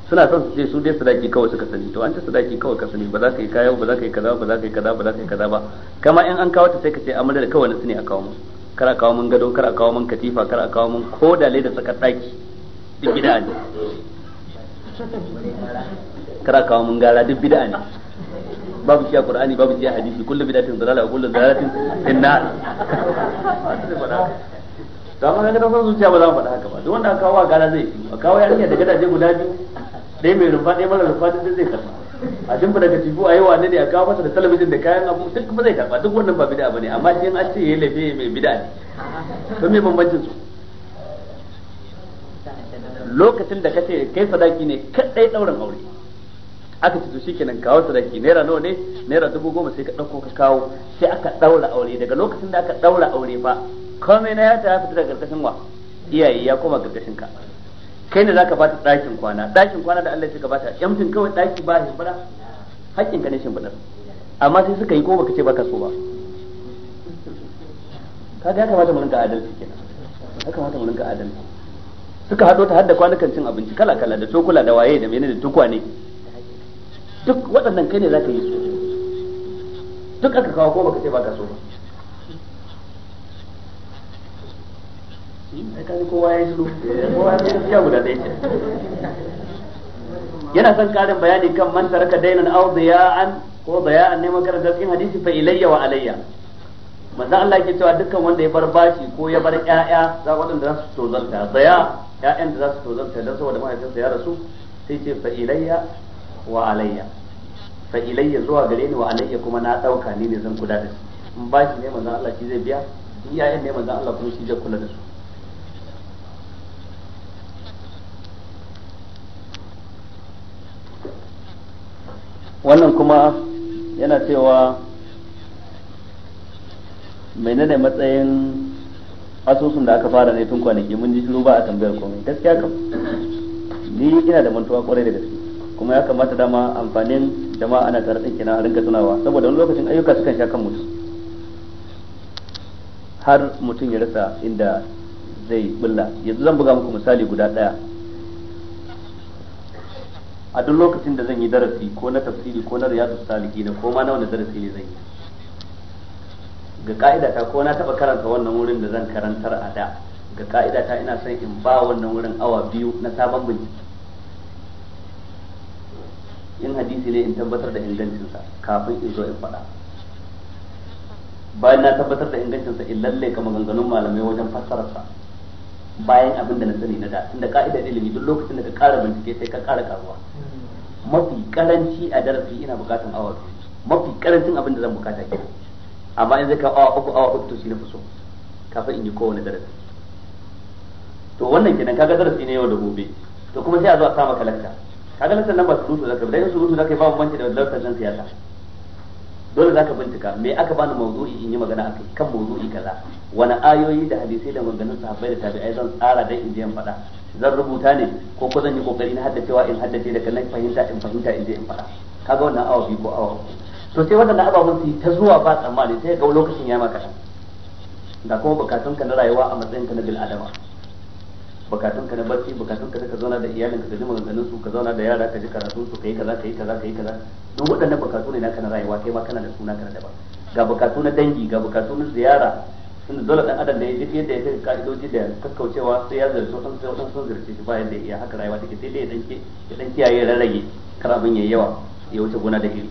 suna son su ce su dai sadaki kawai suka sani to an ce sadaki kawai ka sani ba za ka yi kaya ba za ka yi kaza ba za ka yi kaza ba za ka yi kaza ba kama in an kawo ta sai ka ce amma da kawai na sani a kawo musu kar a kawo mun gado kar a kawo mun katifa kar a kawo mun ko da da tsakar daki duk gida ne kar a kawo mun gara duk bid'a ne babu shi a qur'ani babu shi a hadisi kullu bid'atin dalala wa kullu dalalatin finnar to amma ga da san zuciya ba za mu faɗa haka ba duk wanda aka kawo gara zai a kawo yarinya da gadaje guda biyu dai mai rumfa dai mara rumfa duk zai karba a shimfa daga tibu a yi ne a kawo masa da talabijin da kayan abu duk ba zai karba duk wannan ba bid'a bane amma shi an ce yayi lafiya mai bid'a ne to me bambancin su lokacin da kace kai sadaki ne kadai dauran aure aka ci to shikenan kawo sadaki naira nawa ne naira dubu goma sai ka dauko ka kawo sai aka daura aure daga lokacin da aka daura aure ba komai na ya ta fita daga karkashin wa iyaye ya koma karkashin ka kai ne zaka bata ɗakin kwana ɗakin kwana da Allah ya ka bata yamtin kawai ɗaki ba shi bada hakkin ka ne shin bada amma sai suka yi ko baka ce baka so ba kaga ya kamata mu rinka adalci kenan ya kamata mu rinka adalci suka hado ta hadda kwanukan cin abinci kala kala da cokula da waye da menene da tukwane duk waɗannan kai ne zaka yi su duk aka kawo ko baka ce baka so ba kowa ya eh, kowa ya gaskiya guda ɗaya ce yana son karin bayani kan man taraka dainan aw diya'an ko diya'an ne makarantar cikin hadisi fa ilayya wa alayya manzo Allah yake cewa dukkan wanda ya bar bashi ko ya bar ƴaƴa za waɗanda za su tozalta daya ƴaƴan da za su tozalta da saboda mahaifinsa ya rasu sai ce fa ilayya wa alayya fa ilayya zuwa gare ni wa alayya kuma na dauka ni ne zan kula da su in bashi ne manzo Allah shi zai biya iyayen ne manzo Allah kuma shi zai kula da su wannan kuma yana cewa menene matsayin asusun da aka fara ne tun kwanaki mun ji shiru ba a tambayar komai gaskiya kam ni ina da mantuwa kwarai da gaske kuma ya kamata dama amfanin jama'a ana tare da kina a rinka tunawa saboda wani lokacin ayyuka sukan sha kan mutum har mutum ya rasa inda zai bulla yanzu zan buga muku misali guda ɗaya. a duk lokacin da zan yi darasi ko na tafsiri ko na riyadu saliki da koma na wani darasi ne zan yi ga ka'ida ta ko na taba karanta wannan wurin da zan karantar a da ga ka'ida ta ina son in ba wannan wurin awa biyu na sabon bincike in hadisi ne in tabbatar da ingancinsa kafin in zo in faɗa bayan na tabbatar da ingancinsa in lalle ka maganganun malamai wajen fassararsa bayan abin da na sani na da tunda ka'idar ilimi duk lokacin da ka ƙara bincike sai ka ƙara karuwa mafi karanci a darasi ina bukatan awa biyu mafi karancin abin da zan bukata ke amma in zai ka awa uku awa uku to shi na fi so kafin in yi kowane darasi to wannan kenan kaga darasi ne yau da gobe to kuma sai a zo a sama kalakta kaga lantar nan ba su rusu zaka dai su rusu zaka ba bambanci da lantar nan siyasa dole zaka bincika me aka bani mawdu'i in yi magana akai kan mawdu'i kaza wani ayoyi da hadisai da maganin sahabbai da tabi'ai zan tsara dan in je in faɗa zan rubuta ne ko ko zan yi kokari na haddacewa in haddace da kallon fahimta in fahimta in je in faɗa kaga wannan awa biyu ko awa to sai wannan ababun su ta zuwa ba tsammani sai ga lokacin ya maka da kuma bukatun ka na rayuwa a matsayin ka na bil adama bukatun ka na barci bukatun ka ka zauna da iyalin ka ji ganin su ka zauna da yara ka ji karatu su kai kaza kai kaza kai kaza duk waɗannan bukatu ne naka na rayuwa kai ma kana da suna kana da ba ga bukatu na dangi ga bukatu na ziyara tunda dole dan adam da ya duk yadda ya kai ka'idoji da kakkaucewa sai ya zarce wasan sai wasan sun zarce shi ba yadda ya haka rayuwa take sai dai ya dan ya dan kiyaye rarrage kar abin yayi yawa ya wuce gona da iri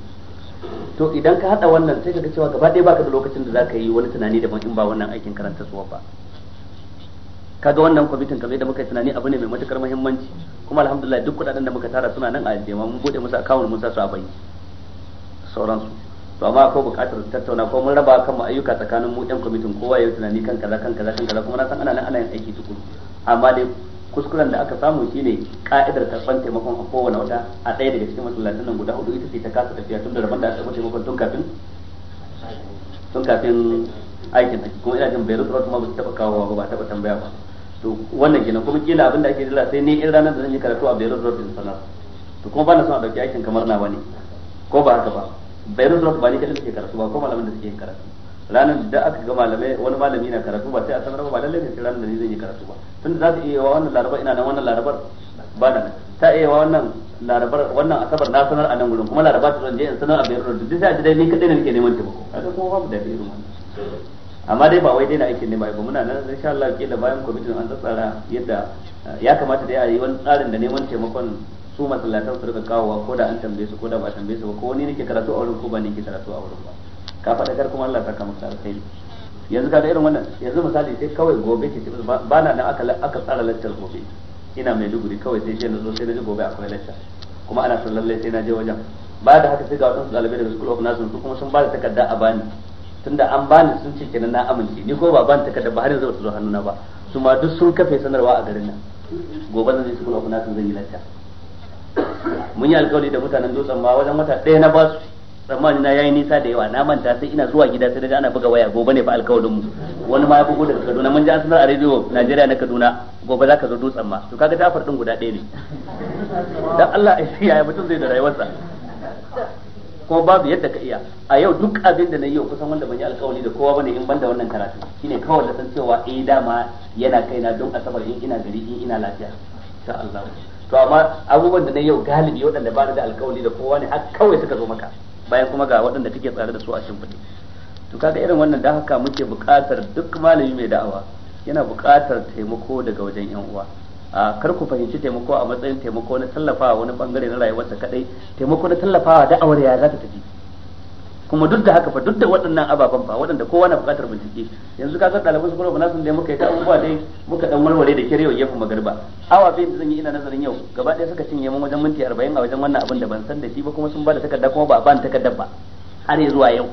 to idan ka hada wannan sai kaga cewa gaba ɗaya baka da lokacin da zaka yi wani tunani daban in ba wannan aikin karanta suwa ba kaga wannan kwamitin kamar yadda muka yi tunani abu ne mai matukar muhimmanci kuma alhamdulillah duk kudaden da muka tara suna nan a ajiye mun bude musu akawun mun sa su a bayyana sauransu to amma akwai buƙatar tattauna ko mun raba kan ayyuka tsakanin mu ɗan kwamitin kowa ya tunani kan kaza kan kaza kan kaza kuma na san ana nan ana yin aiki tukuru amma dai kuskuren da aka samu shine ka'idar karɓar taimakon a kowane wata a ɗaya daga cikin masallatan nan guda hudu ita ce ta kasa tafiya tun da rabon da aka samu taimakon tun kafin tun kafin aikin haji kuma ina jin bai Road ma ba su taɓa kawowa ba ba taɓa tambaya ba to wannan kenan kuma kila abin da ake jira sai ne in ranar da zan yi karatu a Beirut Road din sanar to kuma ba na son a ɗauki aikin kamar nawa ne ko ba haka ba bayan zuwa ba ni kadai suke karatu ba ko malamin da suke karatu ranar da aka ga malamai wani malami na karatu ba sai a sanar ba lallai ne sai ranar da ni zan yi karatu ba tun da za su iya wa wannan larabar ina nan wannan larabar ba nan ta iya wa wannan larabar wannan asabar na sanar a nan gurin kuma larabar ta zanje in sanar a bayar rubutu duk sai a ji dai ni kadai ne nake neman taimako kaga kuma babu da irin wannan amma dai ba wai daina aikin ne ba ba muna nan insha Allah kila bayan committee an tsara yadda ya kamata da ya yi wani tsarin da neman taimakon su masallatan su rika kawowa ko da an tambaye su ko da ba tambaye su ba ko wani nake karatu a wurin ko ba nake karatu a wurin ba ka faɗa kar kuma Allah saka maka alkhairi yanzu ka da irin wannan yanzu misali sai kawai gobe ke ba na nan aka aka tsara lantar gobe ina mai duguri kawai sai shi na zo sai na ji gobe akwai lantar kuma ana son lallai sai na je wajen ba da haka sai ga wasu dalibai daga school of nursing su kuma sun ba da takarda a bani tunda an bani sun ce kenan na amince ni ko ba bani takarda ba har yanzu ba ta zo hannuna ba su ma duk sun kafe sanarwa a garin nan gobe zan je school of nursing zan yi lantar mun yi alkawari da mutanen dutsen ma wajen wata ɗaya na basu tsammani na yayi nisa da yawa na manta sai ina zuwa gida sai da ana buga waya gobe ne fa alkawarin mu wani ma ya bugu daga Kaduna mun ji an sanar a rediyo Najeriya na Kaduna gobe zaka zo dutsen ma to kaga dafar din guda ɗaya ne dan Allah ya mutum zai da rayuwarsa ko babu yadda ka iya a yau duk abin da na yi kusan wanda ban yi alkawari da kowa bane in ban da wannan karatu shine kawai da san cewa eh dama yana kaina don asabar in ina gari in ina lafiya insha Allah to amma abubuwan da na yau galibi waɗanda ba da alkawali da kowa ne har kawai suka zo maka bayan kuma ga waɗanda kake tsare da su a shimfiɗe to kaga irin wannan da haka muke buƙatar duk malami mai da'awa yana buƙatar taimako daga wajen yan uwa a kar ku fahimci taimako a matsayin taimako na tallafawa wani bangare na rayuwarsa kadai taimako na tallafawa da'awar ya za ta tafi kuma duk da haka fa duk da waɗannan ababen fa waɗanda kowa na buƙatar bincike yanzu ka san ɗalibai su kuma na sun da muka yi ta abubuwa dai muka dan warware da kirewa yafi magarba awa biyu zan yi ina nazarin yau gaba ɗaya suka cinye mun wajen minti 40 a wajen wannan abin da ban san da shi ba kuma sun ba da takarda kuma ba a bani takardar ba har zuwa yau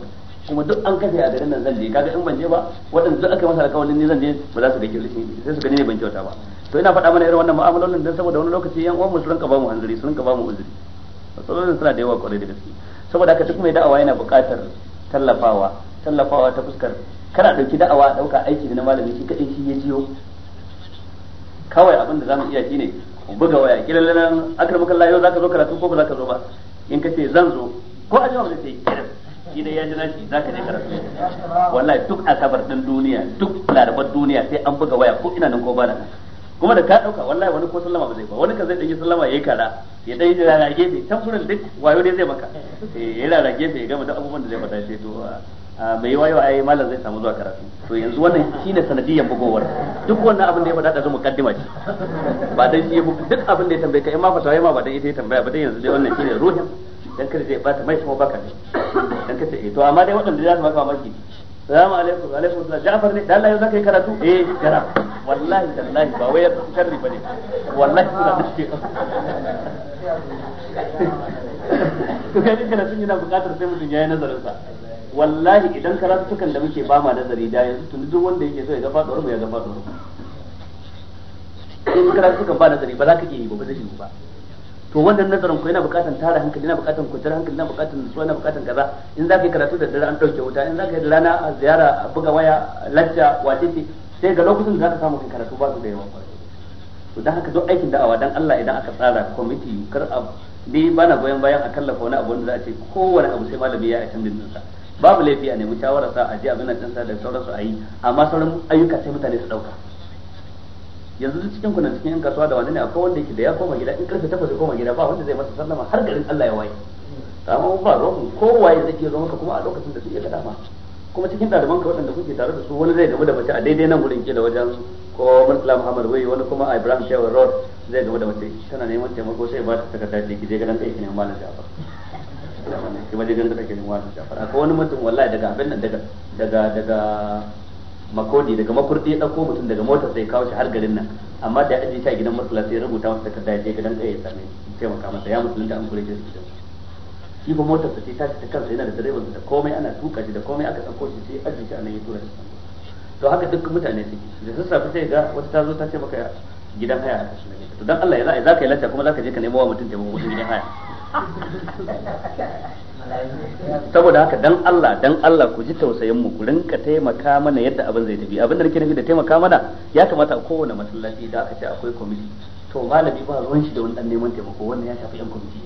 kuma duk an kashe a garin nan zan je kaga in ban je ba waɗanda duk aka masa alƙawarin ni zan je ba za su ga kirki sai su gani ne ban kyauta ba to ina faɗa mana irin wannan mu'amalolin dan saboda wani lokaci yan uwan mu su rinka ba mu hanzari su rinka ba mu uzuri matsalolin suna da yawa kwarai da gaske saboda haka duk mai da'awa yana buƙatar tallafawa tallafawa ta fuskar kana ɗauki da'awa ɗauka aiki da na malami shi kaɗai shi ya jiyo kawai abin da za mu iya shi ne buga waya kila akar maka layo za ka zo karatu ko ba za ka zo ba in ka ce zan zo ko a jama'a sai kiran shi dai ya ji nashi za ka je karatu wallahi duk asabar ɗin duniya duk larabar duniya sai an buga waya ko ina nan ko ba nan kuma da ka dauka wallahi wani ko sallama ba zai ba wani ka zai dage sallama yayi kara ya dai da rage ne can furin duk wayo dai zai maka eh ya rage ne ya gama duk abubuwan da zai faɗa sai to a mai wayo ai malam zai samu zuwa karatu to yanzu wannan shine sanadiyan bugowar duk wannan abin da ya fada da zuma kaddima ce ba dan shi duk abin da ya tambaye ka in ma fata yayi ma ba dan ita ya tambaya ba dan yanzu dai wannan shine ruhin dan kada zai bata mai kuma baka dan kace eh to amma dai waɗanda za su maka mamaki salamu alaikum alaikum salam Ja'far ne dan Allah zaka yi karatu eh kara wallahi tallahi ba wai sharri bane wallahi suna da shi to kai din karatu yana buƙatar sai mutum yayi nazarin sa wallahi idan karatu tukan da muke ba ma nazari da yanzu tun duk wanda yake so ya ga faduwar mu ya ga faduwar mu in karatu tukan ba nazari ba za ka iya yi ba ba zai yi ba to wannan nazarin ko yana bukatan tara hankali yana bukatan kwantar hankali yana bukatan nutsuwa yana bukatan kaza in za ka yi karatu da dare an dauke wuta in za ka yi da rana a ziyara a buga waya lacca wace ce sai ga lokacin da za ka samu kai karatu ba su da yawa to dan haka duk aikin da'awa dan Allah idan aka tsara kwamiti kar a ni ba na goyon bayan a kallafa wani abu wanda za a ce kowane abu sai malami ya attend din sa babu laifi a nemi shawara sa a je abin da can sa da sauransu a yi amma sauran ayyuka sai mutane su dauka yanzu su cikin kunan cikin kasuwa da wani ne akwai wanda yake da ya koma gida in karfe takwas ya koma gida ba wanda zai masa sallama har garin Allah ya waye amma ba rohun kowaye zai iya zo maka kuma a lokacin da su iya kadama. kuma cikin ɗaliban ka waɗanda kuke tare da su wani zai gamu da mace a daidai nan gurin kila wajen ko Murtala Muhammad Wai wani kuma a Ibrahim Shehu Road zai gamu da mace tana neman taimako sai ba ta takarda da je gidan kai neman malam Jafar kuma je gidan kai neman malam Jafar akwai wani mutum wallahi daga abin nan daga daga daga makodi daga makurdi ya dauko mutum daga motar sai kawo shi har garin nan amma da ya aje a gidan masallaci ya rubuta masa takarda ya je gidan kai ya same taimaka masa ya musulunta an kure shi shi ba motar sa ce ta ta kansa yana da direban da komai ana tuka shi da komai aka dauko shi sai aje shi a nan ya tura shi to haka duk mutane suke da sassafe sai ga wata ta zo ta ce maka gidan haya a kashin to dan Allah ya za ka yi lacca kuma za ka je ka nemo wa mutum taimako mutum gidan haya saboda haka dan Allah dan Allah ku ji tausayin mu ku rinka taimaka mana yadda abin zai tafi abin da nake nufi da taimaka mana ya kamata a kowane masallaci da aka ce akwai komiti to malami ba ruwan shi da wani dan neman taimako wannan ya shafi yan komiti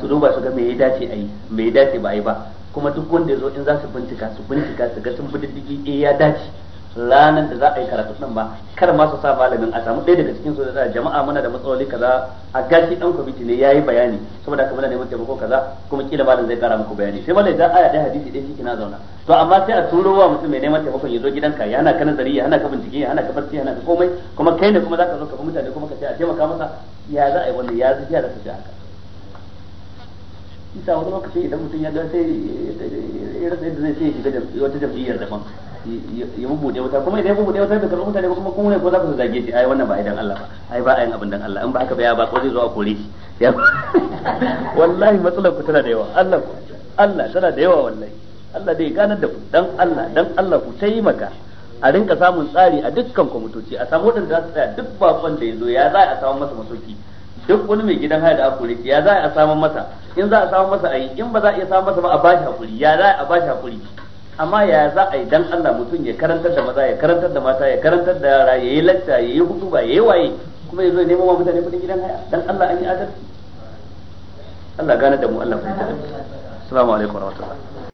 su duba su ga me ya dace a yi me ya dace ba a yi ba kuma duk wanda ya zo in za su bincika su bincika su ga sun bi diddigi eh ya dace ranar da za a yi karatu din ba kar ma su sa malamin a samu ɗaya daga cikin su da jama'a muna da matsaloli kaza a gashi dan kwamiti ne yayi bayani saboda kuma muna neman taimako kaza kuma kila malam zai kara muku bayani sai malam da aya ɗaya hadisi ɗaya shi na zauna to amma sai a turo wa mutum mai neman taimakon ya zo gidanka ya hana ka nazari ya hana ka bincike ya hana ka barci ya hana ka komai kuma kai ne kuma zaka zo ka bi mutane kuma ka ce a taimaka masa ya za a yi wannan ya zai ya zai haka isa wani lokaci idan mutum ya ga sai ya rasa yadda zai sai ya shiga wata jam'iyyar daban ya bubuɗe wuta kuma idan ya bubuɗe wuta bai karɓi mutane kuma kuma ne ko za ku zage shi ai wannan ba idan Allah ba ai ba ayin abin dan Allah in ba aka ba ba ko zai zo a kore shi wallahi matsalar ku tana da yawa Allah Allah tana da yawa wallahi Allah dai ganar da ku dan Allah dan Allah ku taimaka a rinka samun tsari a dukkan kwamitoci a samu wadanda za su tsaya duk babban da ya zo ya za a samu masa masoki duk wani mai gidan haya da hakuri ya za a samu masa in za a samu masa ayi in ba za a iya samu masa ba a bashi hakuri ya za a bashi hakuri amma ya za a yi dan Allah mutum ya karantar da maza ya karantar da mata ya karantar da yara ya yi lacca ya yi hudu ba ya yi waye kuma ya zo neman wa mutane kudin gidan haya dan Allah an yi adalci Allah gane da mu Allah fahimta assalamu alaikum warahmatullahi